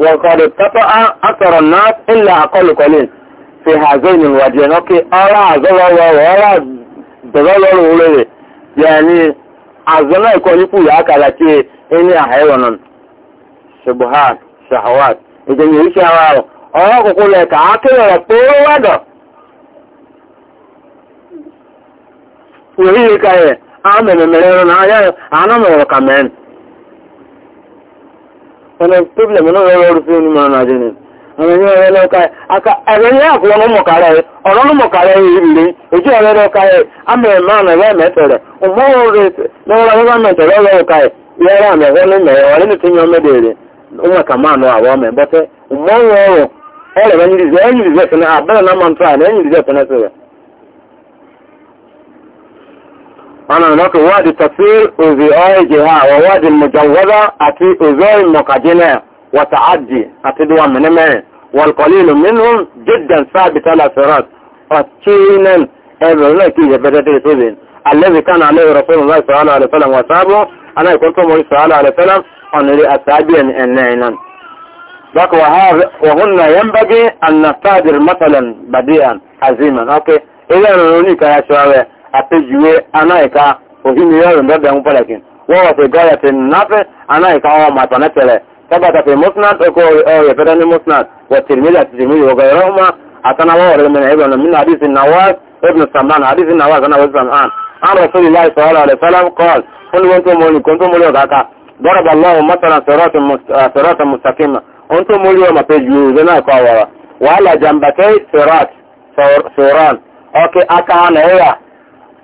nwantakịrị pụpụ atọrọ na n'ụlọ akọrọ ekwesịgharị si ha azụrụnụ nwadiri n'oge ọrụ azụrụ ọrụ ọrụ ọrụ bedo nwụrụ nwụrụ nwere ya anyị azụrụ na nkwa ya akaghachi ịnye aha ịwụ nọ n'ịbụha chowar ezinụlọ isi awara ọ ọ̀nà problem náà lọ́rọ̀ ọdún ụmụ onímọ̀ ọ̀nà àjẹ́ni ọ̀nà ní ọ̀rẹ́ lọ́ka aka ọrụ ní àkùrọ̀ ní mọ̀kàrà ẹ̀ ọ̀nà ní mọ̀kàrà ọrụ ìrìlẹ̀ ojú ọ̀rẹ́ lọ́ka ẹ̀ amẹ̀rẹ̀ ya nà ẹ̀rẹ́ mẹ́tẹ̀rẹ̀ ọmọwọ́ rẹ̀ ya rẹ̀ mẹ́tẹ̀rẹ̀ lọ́ka ẹ̀ ọrụ ọrụ ya ọrụ أنا نقول واد التفسير أزواج جهة وواد المجوزة أتي أزواج مقدنة وتعدي أتي دوا من ما والقليل منهم جدا ثابت على فرات أتينا أبلنا كي بدأت تزين الذي كان عليه رسول الله صلى الله عليه وسلم وصابه أنا كنت مريض صلى الله عليه وسلم أن لي أتعبي أنينا ذاك وهذا وهنا ينبغي أن نصادر مثلا بديئا عزيما أوكي إذا نونيك يا apejuwe anaika ohimiyo ndoda mupalakin wọ́wọ́ fi gọ́yà fi náfẹ́ anáìka wọn màtà nẹ́tẹ̀rẹ̀ sábàtà fi musnad ọkọ̀ ọ̀rẹ́ fẹ́rẹ́ ní musnad wọ tìrìmìlì àti tìrìmìlì ọgọ̀ ẹ̀rọ ọmọ àtànáwọ̀ ọ̀rẹ́ mẹ́rin ẹgbẹ̀rún nínú àdìsí nawaz ibn samman àdìsí nawaz ọ̀nà wọ́n samman an rasuli láì sọ̀rọ̀ rẹ̀ sálám kọ́ọ̀l fún wọn tó mọ́lì kó tó mọ́lì ọ̀gáka dọ́rọ̀bà lọ́wọ́ mọ́tàrà sọ̀rọ̀tà mustaqima ohun tó mọ́lì ọmọ pé ju ìwé náà kọ́ aka hàn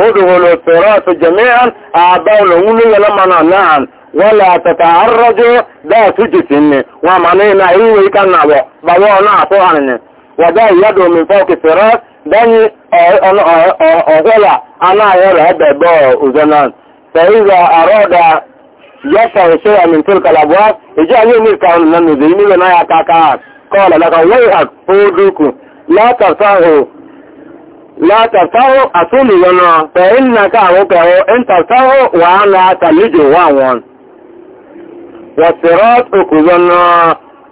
ادخلوا الصراط جميعا اعضاء العموم لما نعم ولا تتعرجوا لا تجسن ومعنينا ايه كان نعبو بابو نعطو عنه وده يدعو من فوق الصراط دني اغلى انا يرى بابو ازنان فاذا اراد يسعى شيئا من تلك الابواب اجاء يومي كان لنزيني ونايا كاكاك قال لك ويحك فودوكو لا ترتاهوا látàtàwọ̀ àtúnlùyọ́nà pẹ̀lú nàkà àwọn pẹ̀lú ẹntàtàwọ̀ wà náà tàlíjò wà wọn wọ̀sẹ̀rọ̀ òkùnlọ́nà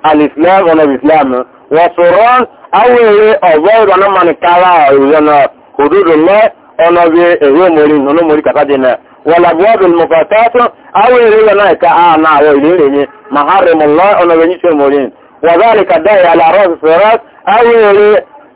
alìsìlẹ́m ọ̀nà ìsìlẹ́m wọ̀sọ̀rọ̀ awẹ́rẹ́ ọ̀bọ̀ ìrọ̀nà mọ̀nìkára ìrọ̀nà òdúdó lẹ́ ọ̀nà bí èrò mórí nínú mórí kàtàdínà wọ̀làbọ́dùn mọ̀kàtàtù awẹ́rẹ́ ìrọ̀nà ìka àná àwọ̀ ìrìnrìn maharimọ̀lọ́ ọ̀nà bí yíṣẹ́ mórí wọ̀zọ́rì kàdáyà làrọ̀ sọ̀rọ̀ awẹ́rẹ́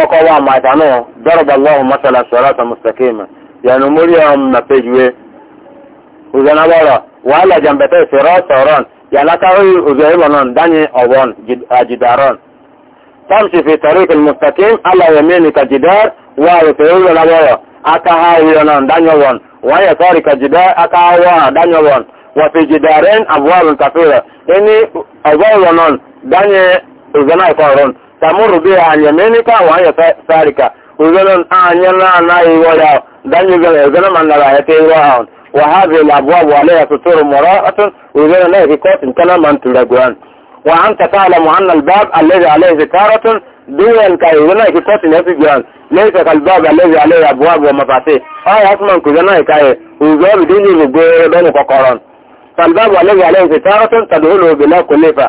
ọkọ̀ wa màdánù dọ́rọ̀bà lọ́wọ́ mọ́sálà sọ̀rọ̀ àtàmùsàkéèmù yẹnu mórí ọ̀hún nà péjúwe òzànàbọ̀rọ̀ wàhálà jàǹbẹ̀tẹ̀ ìṣòro sọ̀rọ̀ yàlákàwé òzòyìnbọn náà dání ọ̀bọ̀n àjìdárọ̀n tamshi fi tariqil mustaqim ala yaminika jidar wa yatayu lawara aka hawiyo nan danyo won wa yasarika jidar aka hawa danyo won wa fi jidaren abwal kafira ini abwal non danye uzana ikoron tamuru bi an yaminika wa ya sarika uzalan anyana na iwara dan yugal uzalan man la ya te wa wa hadhihi al abwab alayha sutur mura'atun uzalan la yakut kana man tulagwan wa anta ta'lamu anna al bab alladhi alayhi zikaratun duyan ka uzalan yakut ne figran laysa kal bab alladhi alayhi abwab wa mafatih ay asman kuzalan ka uzalan dini gogoro don kokoron fal bab alladhi alayhi zikaratun tadkhulu bila kullifa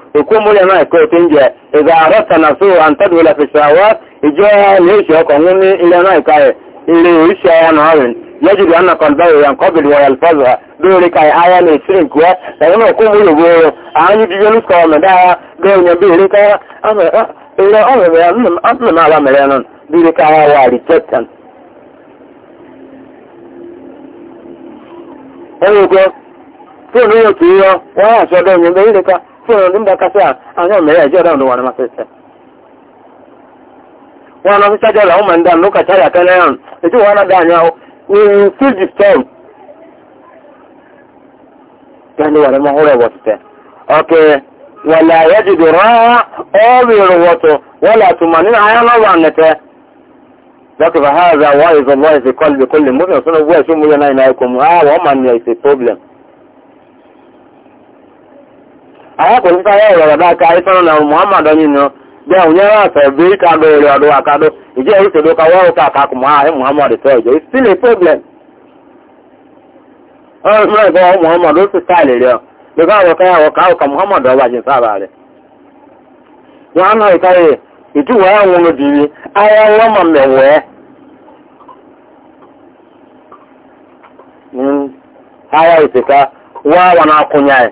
ekwe mụrịa na ekwe oke nje ịga arọta na so antadwela feshawat ije ya na eshi ọkọ nwụni na ikaye ile ishi ya na ọrịn yajiri anna ya ha dore ka aya na esirin kuwa na yana ekwe mụrịa gworo anyị bibi onye kọrọ meda ya dee onye bi ere ka ya ere ọmụmụ ya nnụnụ ala ka ya kúrò ní ìdákasẹ́ àwọn ọmọ ẹ̀yà ìjọ́ ọ̀dọ́ wà ní masẹ́sẹ́ wọn náà fi ṣájọ́ ọ̀làwọ́ máa ń dá lókà ṣáyà kẹ́lẹ́ na ètò wọn náà dáa ní àwọn ní still disturb tẹ́lẹ̀ wà ní mahúrẹ̀ wọ̀ tẹ́ ọkẹ́ wọ́n là yẹ́ jù dùn rárá ọ́ọ̀rì ìrọ̀wọ̀tọ̀ wọ́n là tùmọ̀ nínú ayánlọ́wọ̀ ànẹ́tẹ́ lọ́kẹ́ fà hàzà wọ́n ìzọ̀lọ́ ìsìkọ́lù kọ́lù mọ́sàn problem ayakwụlịta ya ịrọrọda aka a na muhammad onye nọ ọdụ ka aka akụmụ muhammad a problem ọrụ mmerọ ịgọ muhammad otu staịlị rịọ dịka ọrụ ka ya ọrụ ka ahụ muhammad ji ya ahịa ahịa nwa na-akwụnye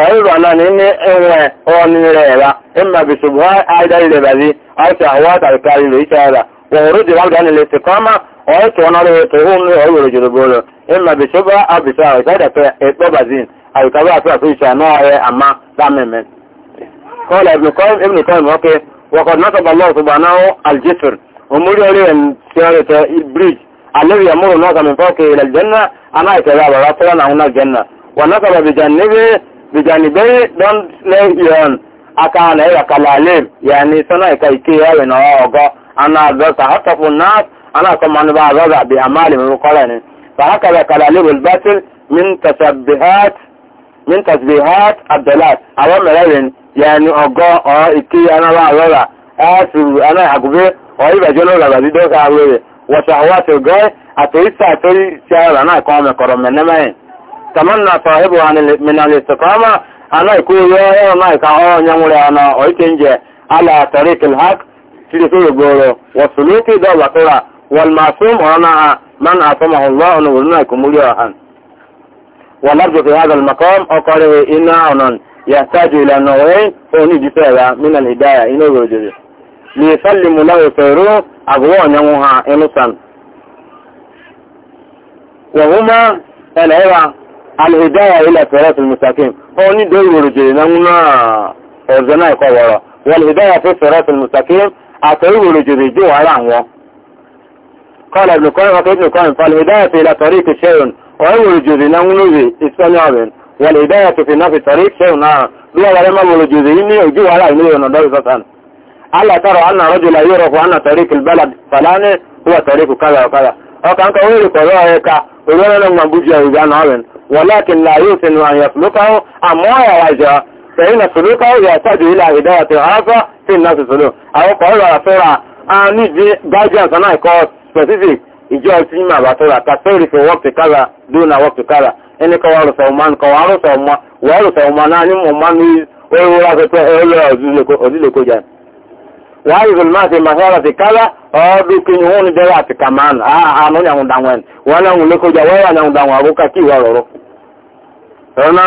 ọ̀rọ̀ náà ní ní ẹ̀wọ̀n ọ̀nì rẹ̀ ẹ̀rá ẹ̀mà bí ṣùgbọ́n àìdáyì rẹ̀ bàbí àìsàn àwọn àtàríkárí rẹ̀ ìṣẹ́ ẹ̀rá wọ̀n orí jẹ́ wàgbà nílẹ̀ ti kọ́mà ọ̀ẹ́tọ̀ ọ̀nà rẹ̀ tó hún ní ọ̀rọ̀ rẹ̀ jùlọ bọ́ọ̀lọ̀ ẹ̀mà bí ṣùgbọ́n àbìṣà àìsàdàpẹ́ ẹ̀pẹ́ bàzín àìkàwé àfihàn ìṣẹ́ náà rẹ̀ àmà dámẹ̀mẹ́ قال ابن قيم ابن قيم اوكي وقد نصب الله سبحانه الجسر ومري عليه سيارة البريج الذي يمر الناس من فوق إلى الجنة أنا يتبع وغفرا عن الجنة ونصب بجانبه Bijani bijanibai don lehiyon aka na e e ya kalalib yani sana ika ike yawe na ogo ana zota hata funas ana kuma ni ba zaza bi amali mai kola ne fa haka da kalalib albatil min tasabbihat min tasbihat abdalat awon merarin yani ogo o ike yana ba zaza asu ana e agube o ibe jono la bi do ka wewe wa shahwat algay atoisa atori na ko me koro tamanna sahibu min al-istiqama ana iku yo yo na ka o nyamure ana o ikenje ala tariq al-haq tiri so goro wa suluki da wa qira wal ma'sum ana man atamahu Allah wa nuna kumuri an wa narju fi hadha al-maqam aw qala inna anan yahtaju ila nawayn fa ni jisara min al-hidayah ino rojo li yusallimu lahu sayru agwa nyamuha enusan wa huma alhidaya ila sirat almustaqim ó ní do woro je na nguna ozana ko woro wal hidaya fi sirat almustaqim atai woro je je wara won قال ابن قيم ابن قيم فالهداية إلى طريق شيء وهو الجزء نمنوذي إسلامي والهداية في نفس طريق شيء نعم بلا ولما الجزء إني أجوه على إني ونضعي سطحا ألا ترى أن رجل يعرف أن طريق البلد فلاني هو طريق كذا وكذا أو كان كويري كذا ويكا ويقول لهم من بجي ويجان عمين ولكن لا يوسن أن يسلكه أما يرجع فإن سلوكه يحتاج إلى هداية عاصة في الناس السلوك أو قول رسولة أني جاجة سنة كورس specific ìjọ tí mà bá tọ́ra ká sórí fi wọ́pì kára dúnà wọ́pì kára ẹni kọ́ wárùsọ̀ ọmọ nǹkan wárùsọ̀ ọmọ wárùsọ̀ ọmọ náà ní mọ̀mọ́ ní orí rásẹ̀tẹ̀ ẹlẹ́ òdílẹ̀kọjà wàá ìzùn máa ṣe màṣára ti kára ọdún kìnyìn wọn ní dẹ́rẹ́ àti kàmán àánú ní àwọn dáwọn ẹ̀ wọ́n náà ń lékọjà wọ́n wà ní àwọn dáwọn àbúkà kí ìwà rọ̀rọ̀ ọ̀nà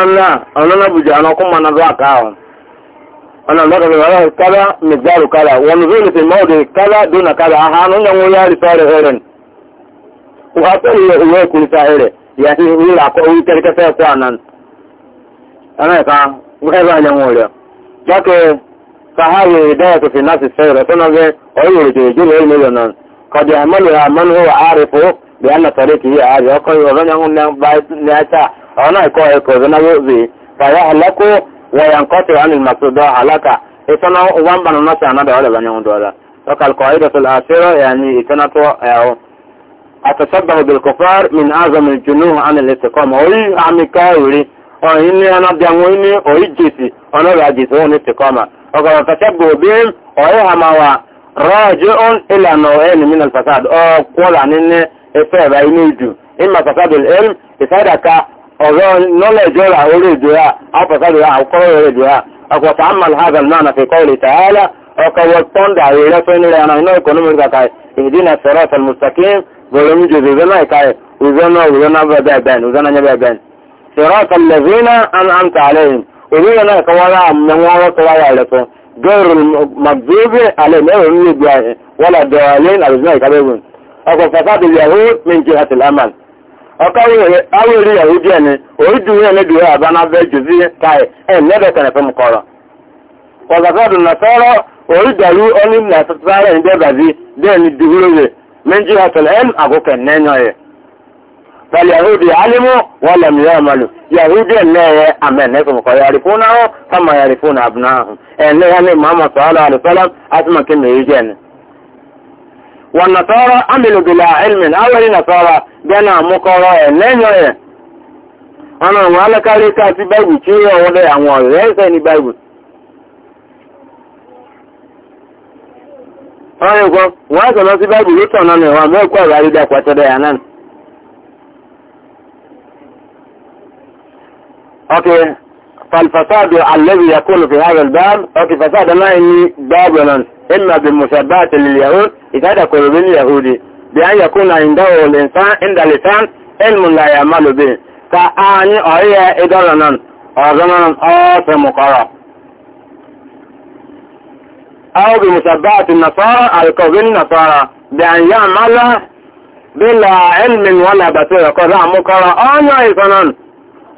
ọ̀nà bùjọ àwọn ọkùn ma nàdọ́ àká ahùn ọ̀nà lọ́kàlẹ̀ wọ́n kálá mẹ́gbàrù kálá wọn zó lè tẹ̀mọ́ òdè kálá dónà kálá aha nínú wọn yá rí sọ́rọ̀ hẹ́rẹ̀n wọ́n tó yẹ ìwé ìkùnta hẹ́rẹ̀ yà sí ìwé àkọ́ orí kẹ́kẹ́kẹ́ ẹ̀kọ́ àná ọ̀nà ẹ̀ka wọ́n bá yẹn wọn rẹ̀ jákè a ọ̀nà ẹ̀kọ́ ẹ̀kọ́ ìzọ́nà yóò zè fàyà àlẹ́kù wọ̀nyà nkọ́tì wà ní alaka àlákà ìtọ́nà wọn bá nọ́ọ̀sì ànádà ọ̀rẹ́ bá nyẹ́wọ̀n dọ́ọ̀la lọ́kàl kọ́ àṣírọ̀ yàní ìtọ́nà tó ẹ̀họ́ àtọ̀sọ́gbàwò min azọm junu anil oyi amika ori ọ̀yin ní anábíàmù ní oyi jèsì ọlọ́rọ̀ ní ìdù ìmọ̀ ọ̀rọ̀ knowledge ra orí ìdúrà na fi kọ́ọ̀lì tààlà ọkọ̀ wọ ndị rẹ̀ fún ilẹ̀ ọ̀nà iná ìkọ̀nù mẹ́ta ndị na sọ̀rọ̀ ọ̀sán mustakim bọ̀lọ́mú jòzè zọ́nà ìkáì ìzọ́nà ìzọ́nà bẹ́ẹ̀ bẹ́ẹ̀ ìzọ́nà bẹ́ẹ̀ bẹ́ẹ̀ sọ̀rọ̀ ọ̀sán an ọkaweri yahudian oiduhneduhe abanaba juzi kai enebetaefem e, kọrọ kọzakọdụ na sọrọ oidaru onye na sara ndebazi den duhurowe menji hotel en agụken nenyoye فاليهودي علموا ولم يعملوا يهودي انه امن نفهم يعرفونه كما يعرفون ابنائهم انه يعني محمد صلى الله عليه وسلم اسمى كلمه يجين والنصارى عملوا بلا علم bịa na amụkọrọ enenyo ya ọnụ ọnwụ alịkarị kasị baịbụl chi ihe ya nwụọ ya ese ni baịbụl ọrụ nkwo nwa ase nọ baịbụl na ịwa ma ekwe ọrụ arịda kwatara ya nanị فالفساد bi an yakuna indahu lisan inda lisan ilmun ka ani oya idolanan ozanan o se mukara aw nasara al nasara bi an ya'mala bila ilmin wala basira ko ra mukara onyo isanan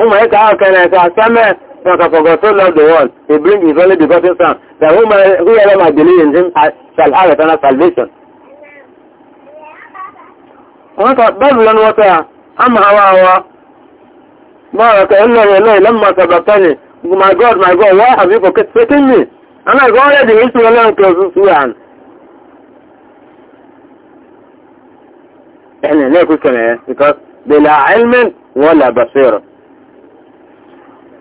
umma ka sa same na ka for God so loved the world he bring his only begotten son that whoever whoever might in him salvation haka babu wani wata amma hawawa ba wa ka illa ya lai lamma sabata my god my god why have you forsaken me and i go already into a land close to an احنا ليه كل كلام because بلا علم ولا بصيرة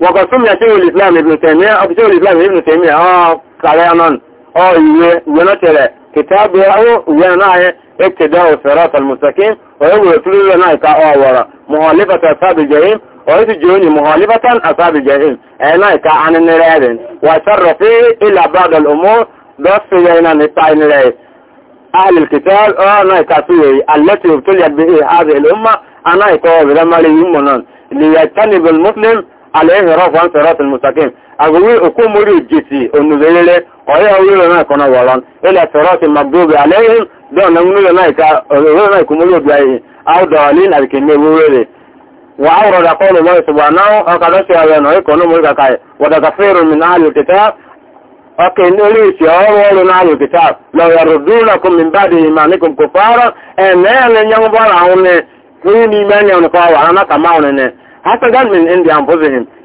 وقد سمي شيخ الاسلام ابن تيمية او شيخ الاسلام ابن تيمية اه كلامنا اه ينتهي كتاب يقول وينعي ابتداء الصراط المستقيم وهو يتلو لنا إكا أورا مهالفة أصاب الجهيم وهو جوني مهالفة أصاب الجهيم أنا إكا عن النرادين وشر فيه إلا بعض الأمور بس لنا نتاع النرادين أهل الكتاب أنا إكا سوي التي ابتليت به هذه الأمة أنا إكا بلما ليهمنا ليتنب المسلم عليه رفع عن صراط المستقيم أقول أكون مريد جيسي النزيلة وهي لنا كنا ولن إلى صراط المقدوب عليهم don na nuna na ka ro eh, na ku mulo bi ayi aw dalil al ke ne wore wa awrada qawlu allah subhanahu wa ta'ala ta ya no ko no mo ka kai wa da kafiru min ahli kitab ake ni ori ti oro oro na ahli kitab la yardunakum min ba'di imanikum kufara en na le bara hun ni ni men ne ko wa na kama hun Hata hatta gan min indi anfusihim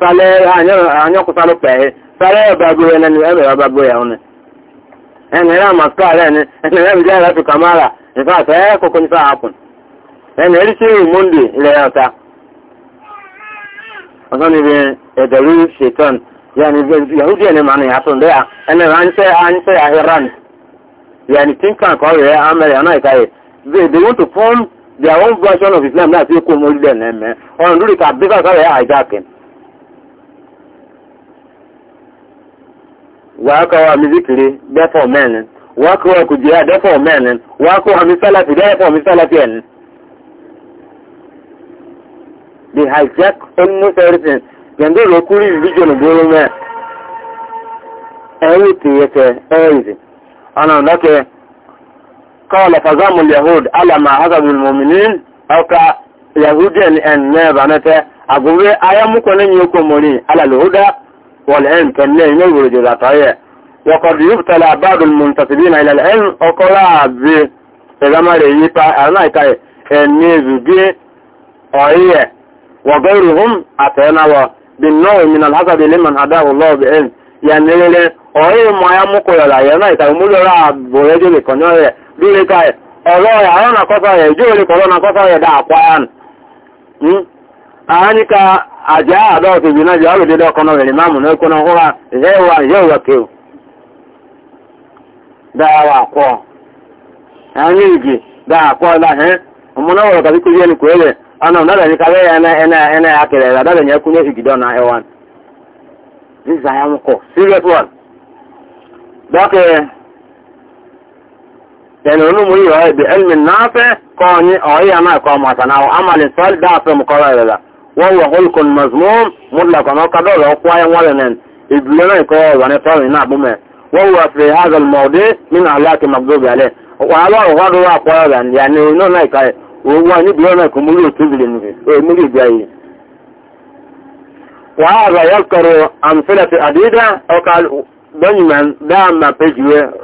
sale anyo kusalo pehe sale babwe na ni ebe babwe yaone ene la maskara ene ene la bila la tukamala ni sasa eh koko ni sasa hapo ene elishi mundi ile yata asani be edalu shetan yani be yahudi ene maana hapo ndio ene ranse anse ya iran yani tinka kwa yeye amele anaikae they, they want to form their own version of islam that's equal model them eh on do the kabisa kwa ya hijacking wakawa mizikiri defo menen wakawa kujia defo menen wakawa misalafi defo misalafi en they hijack almost everything then they locally religion go me everything yet everything ana ndake قال فزام اليهود على ما حسب المؤمنين او كيهودين ان نبانته اغوي ايامكم نيكم مولي على الهدى والعلم كالنين يقول جدا طيب وقد يبتلى بعض المنتسبين إلى العلم وقال بي إذا ما ريبا أنا إتاي النيزو دي أوهية وغيرهم أتينا بالنوع من الحسد لمن هداه الله بعلم يعني للي أوهية ما يمكو يلا أنا إتاي مجرى بويجي لكنيوه bí lè ká ẹ̀ ọ̀rọ̀ àwọn akọ́sọ̀ rẹ̀ ìjú orí kọ̀rọ̀ akọ́sọ̀ rẹ̀ dáa pàán àáníkà àjẹ́ àdọ́ ti jìnà jẹ́ àrùdé lọ́kọ́nà rẹ̀ máàmù ní ọkọ́nà ọ̀rọ̀ ìyẹ́wà ìyẹ́wà kí o dáwà kọ́ ẹni ìgì dáwà kọ́ láhẹ́ ọmọlọ́wọ̀ kàbí kú yẹni kò ẹ̀rẹ̀ ọ̀nà ọ̀dọ́dọ̀ ní kàbẹ́ ẹ̀nà akẹrẹ ọ̀dọ́dọ̀ ní na I náà fẹ́ kọ́ ọ̀yí àmà ẹ̀kọ́ ọmọ àtànáwọ̀ amàlẹ̀ sọ́ọ̀lì dáàfẹ́ mú ẹ̀rẹ̀lá. wọ́n wọ̀ holkon mazmum mutlaka ma ka dọ́ọ̀lọ́ kó ayé wọn lẹ́nẹ̀ ìdílé náà kọ́ ọ̀rọ̀ ní tọ́rin náà bú mẹ́ wọ́n wọ̀ fi hazel mọ̀ọ́dé nínú aláàkì magdobi alẹ́ wọ́n alọ́rọ̀ wọ́n wọ́n kọ́ ọ̀rọ̀ ní àná iná náà ká ẹ̀ wọ́n wọ́n níbi ọ̀nà kò múlò tóbìlì múlò ìgbà yìí. wọ́n àgbà yẹ kọ̀rọ̀ àmfẹ́lẹ̀tì àdídá ọkà bẹ́yìnmẹ̀ dáàmà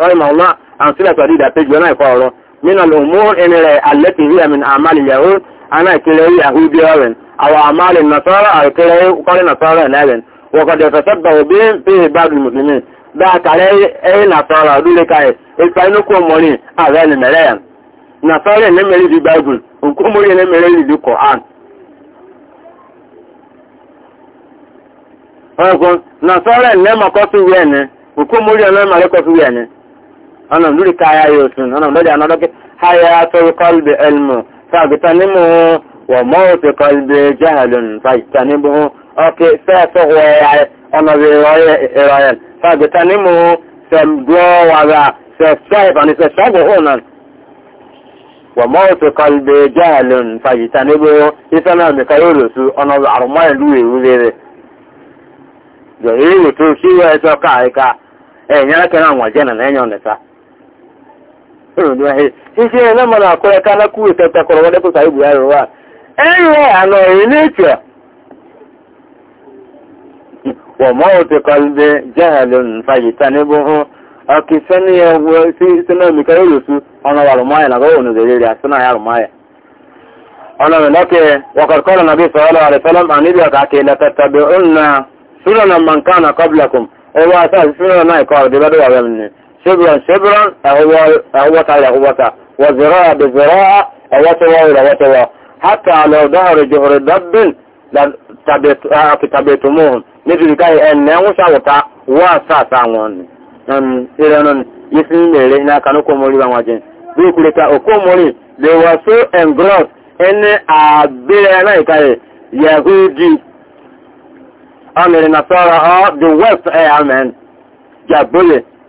ọ̀rọ̀ àmfẹ́lẹ̀tì ana kire yahudi yawen awa amal nasara ay kire kare nasara nawen wa qad tasabbahu bi fi ba'd almuslimin da kare ay eh, nasara dule kai e fainu ko moni mere ya nasara ne mere di bible ko mori ne mere di qur'an ọkọ nasara ne makosi wene ko mori ne mare kosi wene ana dule kai ayo sun ana dole ana doke haya to qalbi ilmu فاجتنبه وموت قلبي جهل فاجتنبه أوكي سيسوه يعني أنا بإيران فاجتنبه سمدوه وذا سيسوه يعني سيسوه هنا وموت قلبي جهل فاجتنبه إثنى مكيولوس أنا بعرمان لوي وذيذي جهيل توشيه سوكايكا إيه نلاكنا مواجهنا نينيون نسا ike na mana akụra e ka na kwuo ka takọrọ wadị pụta ibu ya rụwa ẹ̀rọ ànàrí nature mọ́ òtù kọlùdé jẹ́hẹ̀lú nfàyìta níbú hún ọkìsẹ́ ní ẹwọ sí sínú ìmìkà yóò شبرا شبرا أهوتا لهوتا وزراعة بزراعة أهوتا ولهوتا حتى على ظهر جهر دب تبيتموهم nítorí káyẹ ẹ̀nà ń ṣàwọ̀ta wọ́n àṣàṣà wọn ni ìrànà yìí sí ilẹ̀ iná kanúkọ mọ́rí wọn jẹ́ bí ìkùlẹ̀ ká òkú mọ́rí they were so engrossed ẹni àgbẹ̀rẹ̀ aláìkáyẹ yahudi ọmọ ìrìnà sọ́rọ̀ the west airmen jàgbólẹ̀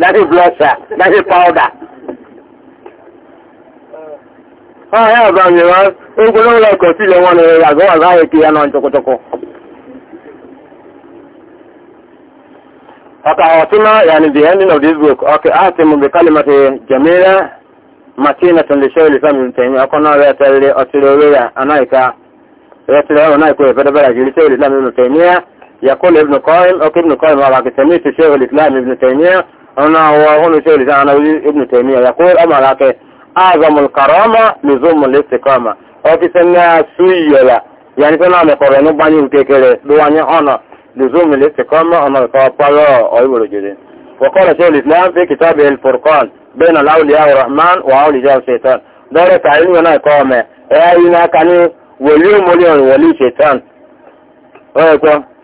nothing blusher, nothing powder. Wọ́n yá ọ̀gá mi wá, ó gbóló lọ kọ̀ sílẹ̀ wọn ni àgọ́ wà láàyè kí yánà jọkọjọkọ. Ọkà ọ̀túnmá yàní the ending of this book, ọkà áàtì mú bí kálímàtì Jamila Martina tún lè ṣe olùfẹ́ mi tẹ̀yìn ọkọ̀ náà rẹ̀ tẹ́lẹ̀ ọtílẹ̀ orí rẹ̀ anáìka rẹ̀ tẹ́lẹ̀ ọ̀nà ìkó ìfẹ́dẹ́bẹ̀rẹ̀ jìrì ṣe olùfẹ́ mi tẹ̀yìn يقول ابن قائم أو ابن قائم على كتمية الشيخ الإسلام ابن تيمية أنا وهنا شيء أنا ابن تيمية يقول أما لك أعظم الكرامة لزوم الاستقامة وفي سنة سيئة يعني سنة مقرن بني وتكره دواني أنا لزوم الاستقامة أنا فأبلا أيوة جدي وقال شيخ الإسلام في كتابه الفرقان بين الأولياء الرحمن وأولياء الشيطان دورة علمنا إقامة أي هناك ولي مليون ولي شيطان أيوة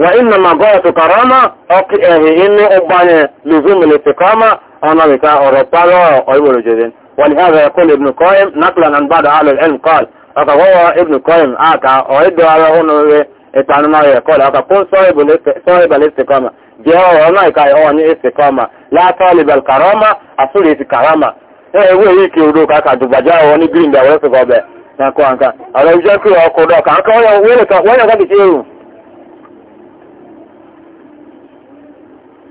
وإنما غاية كرامة أقئه إني أباني لزوم الاستقامة أنا بك أرطالة أيوة جدين ولهذا يقول ابن قائم نقلا عن بعض أهل العلم قال أتغوى ابن قائم آتا أعد على هنا إتعلمنا يقول أتكون صاحب, صاحب الاستقامة جاء هناك أعني استقامة لا طالب الكرامة أصولي الكرامة ee wo yi ki odo kaka dubaja wọn ni green da wọn fi gọbẹ na kọ nǹkan ọ̀rọ̀ ìjẹ́ kí ọkọ̀ dọ̀ kàńkà wọ́n yẹ wọ́n yẹ kọ́ bìí ṣe èrò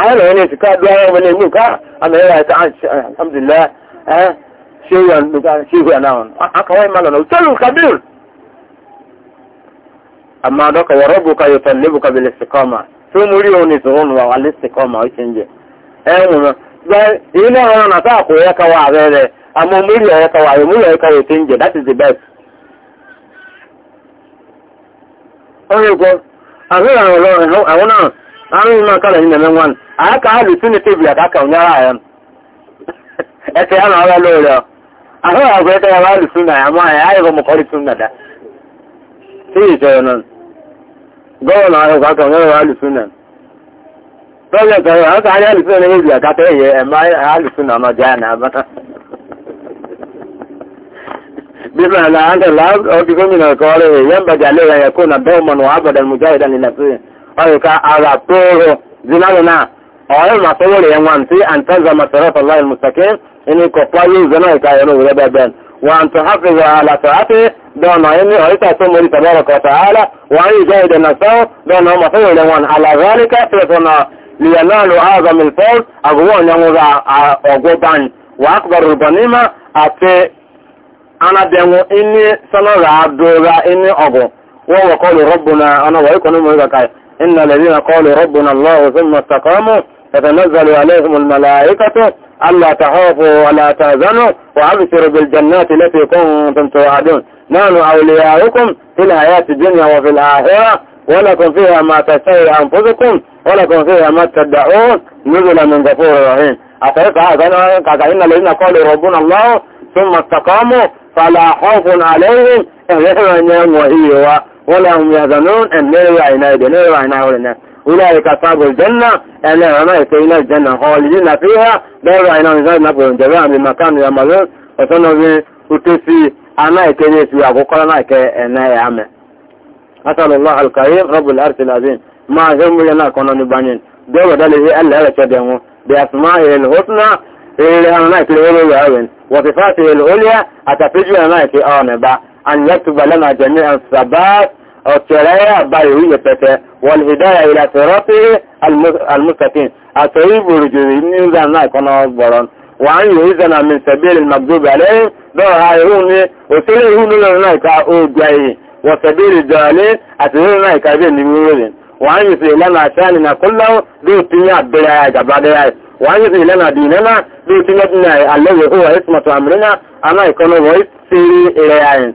àwọn ọ̀rọ̀ ní ìsìnká dúró àwọn ọmọ ilé ká àmì ẹ̀rọ àti alhamdulillah ṣé ìwà nìkan ṣé ìwà náà akọ̀wé ìmọ̀ lọ́nà òtẹ́lù kabir àmà àdọ́kọ̀ wọ̀ rọ́bùkà yóò tọ̀ lébùkà bẹ̀lẹ̀ sìkọ́mà tó mú rí òun ìsòwòn wà wálé sìkọ́mà ó ṣe ń jẹ ẹ̀wọ̀n náà ilé ọ̀rọ̀ náà tá àkòrẹ́ ẹ̀ka wà rẹ̀ àmọ́ mú rí ọ̀rẹ́ ẹ̀ka wà rẹ̀ mú rí ẹ̀ka wà ṣe that is the best. ọ̀rẹ́ ìgbọ́ àfihàn ọ̀rọ̀ àwọn arụghị m aka na anyị na-eme nwanne anyị ka ha lụtụ na tebụl aka aka ụnyara ya ete ya na ọrịa lụrịọ ahụ ya bụ ete ya na lụtụ na ya ma ya anyị bụ maka ọrịtụ na da tiyi na problem chọrọ ya na ebi aka ta eyi eme ha lụtụ na ya na abata بما لا عند الله أو بكم من ọyọka ara tóoro zinari náà ọ̀rẹ́ ma sọ́wọ́ rẹ̀ wọn tí à ń tẹ́zà masarat allah musakin inú kọ̀pọ̀ yóò zẹ́nà ìka ẹ̀rọ òwúrẹ́ bẹ́ẹ̀ وأن تحفظ على طاعته دون أن يعيط ثم تبارك وتعالى وأن يجاهد نفسه دون أن يصير لمن على ذلك فيكون لينالوا أعظم الفوز أقوى أن يمضى أقوبا وأكبر الغنيمة أتي أنا دمو إني سنرى دورا إني أقو وهو قول ربنا أنا ويكون مريضا كاي إن الذين قالوا ربنا الله ثم استقاموا تتنزل عليهم الملائكة ألا تخافوا ولا تأذنوا وأبشروا بالجنات التي كنتم توعدون نحن أولياؤكم في الحياة الدنيا وفي الآخرة ولكم فيها ما تشتهي أنفسكم ولكم فيها ما تدعون نزلا من غفور رحيم أترك هذا إن الذين قالوا ربنا الله ثم استقاموا فلا خوف عليهم إلا من وهي ولا هم يحزنون أن نروا عنا يدي نروا عنا ولنا أولئك أصحاب الجنة أن رمى إلى الجنة خالدين فيها نروا عنا من ذلك نبغي جميعا بما كانوا يعملون وصنعوا من أتسي أنا إكنيس ويقوقنا كأنا يعمل أسأل الله الكريم رب الأرث العظيم ما جمع لنا كنا نبانين دوا دليه ألا ألا شدهمو بأسمائه الحسنى اللي أنا كلهم يعمل وصفاته العليا أتفجر أنا كأنا با أن يكتب لنا جميعا الثبات الترايا بايوية تتا والهداية إلى صراطه المستقيم أطيب رجوعي من ذنبنا يكون أكبرا وأن يهزنا من سبيل المكذوب عليهم دو هايروني وسيرون لنا كأوجاي وسبيل الدالين أتيرون كأبين نميرين وأن يسير لنا شاننا كله دو تنيا بلايا جباديا وأن يسير لنا ديننا دو تنيا الذي هو اسمة أمرنا أنا يكون هو سيري إليين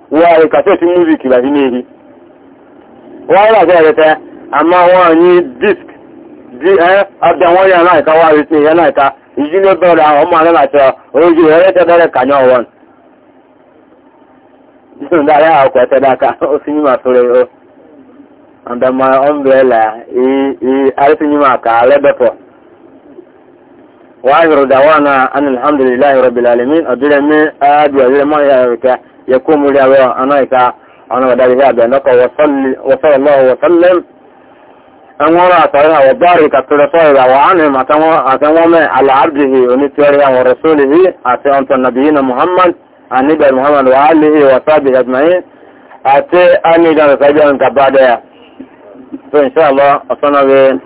wari kaseti music bahinehi wari agereta ama wanyi disk di eh abda wari ana ka wari ni yana ka ijine bora o ma na ta oji ere ta dere kanyo ndị nda ya ko ta da ka o sinyi ma o ma i a arsinyi ma ka يقوم لي أبا أنا إكا أنا بدل بها بأنك وصل وصل الله وسلم أن وراء طريقة وبارك تمو أتمو من على عبده ونتوريا ورسوله أتي أنت النبيين محمد النبي محمد وعليه وصحبه أجمعين أتي أني دان سيبيا كبادة فإن شاء الله أصنع بين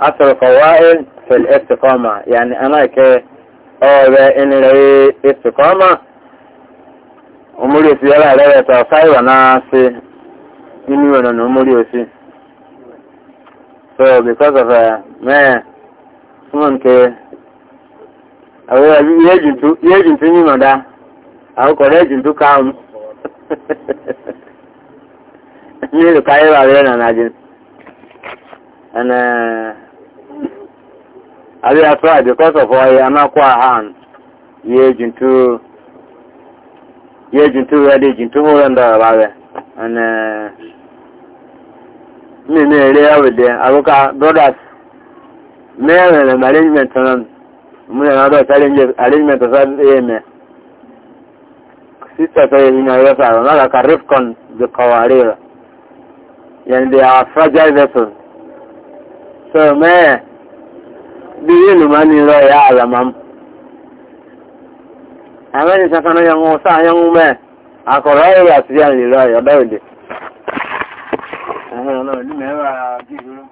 أثر قوائل في الاستقامة يعني أنا كي أو بإن لي استقامة omori osi yọrọ ẹrẹ rẹ tọ sáyẹwà náà ṣe nínú ìwọ̀nà ní omori osi so because of mẹ́ẹ̀ súnmọ́ nke àwọn ihe jùntú ní ìmọ̀dá àwọn kọ̀rọ̀ jùntú káàmù ní ìlú káyẹ̀wà rẹ̀ nà nàjẹ́ and uh, àbí àtúrà because of ọ̀yẹ̀ anákwà hàn ihe ye jintu ya de jintu ho randa ba be ana uh, me me re ya wede aruka brothers me me management nan um, mu na do challenge arrangement sa ye me sister sa ye na ya sa na ka rifkon de kawarira yani they are fragile vessels so me bi yilu mani ro ya alamam ameni sakana yangu saa yangu me akorayo ya siyani lilayo dawidi Ano, ano, ni mewa jiru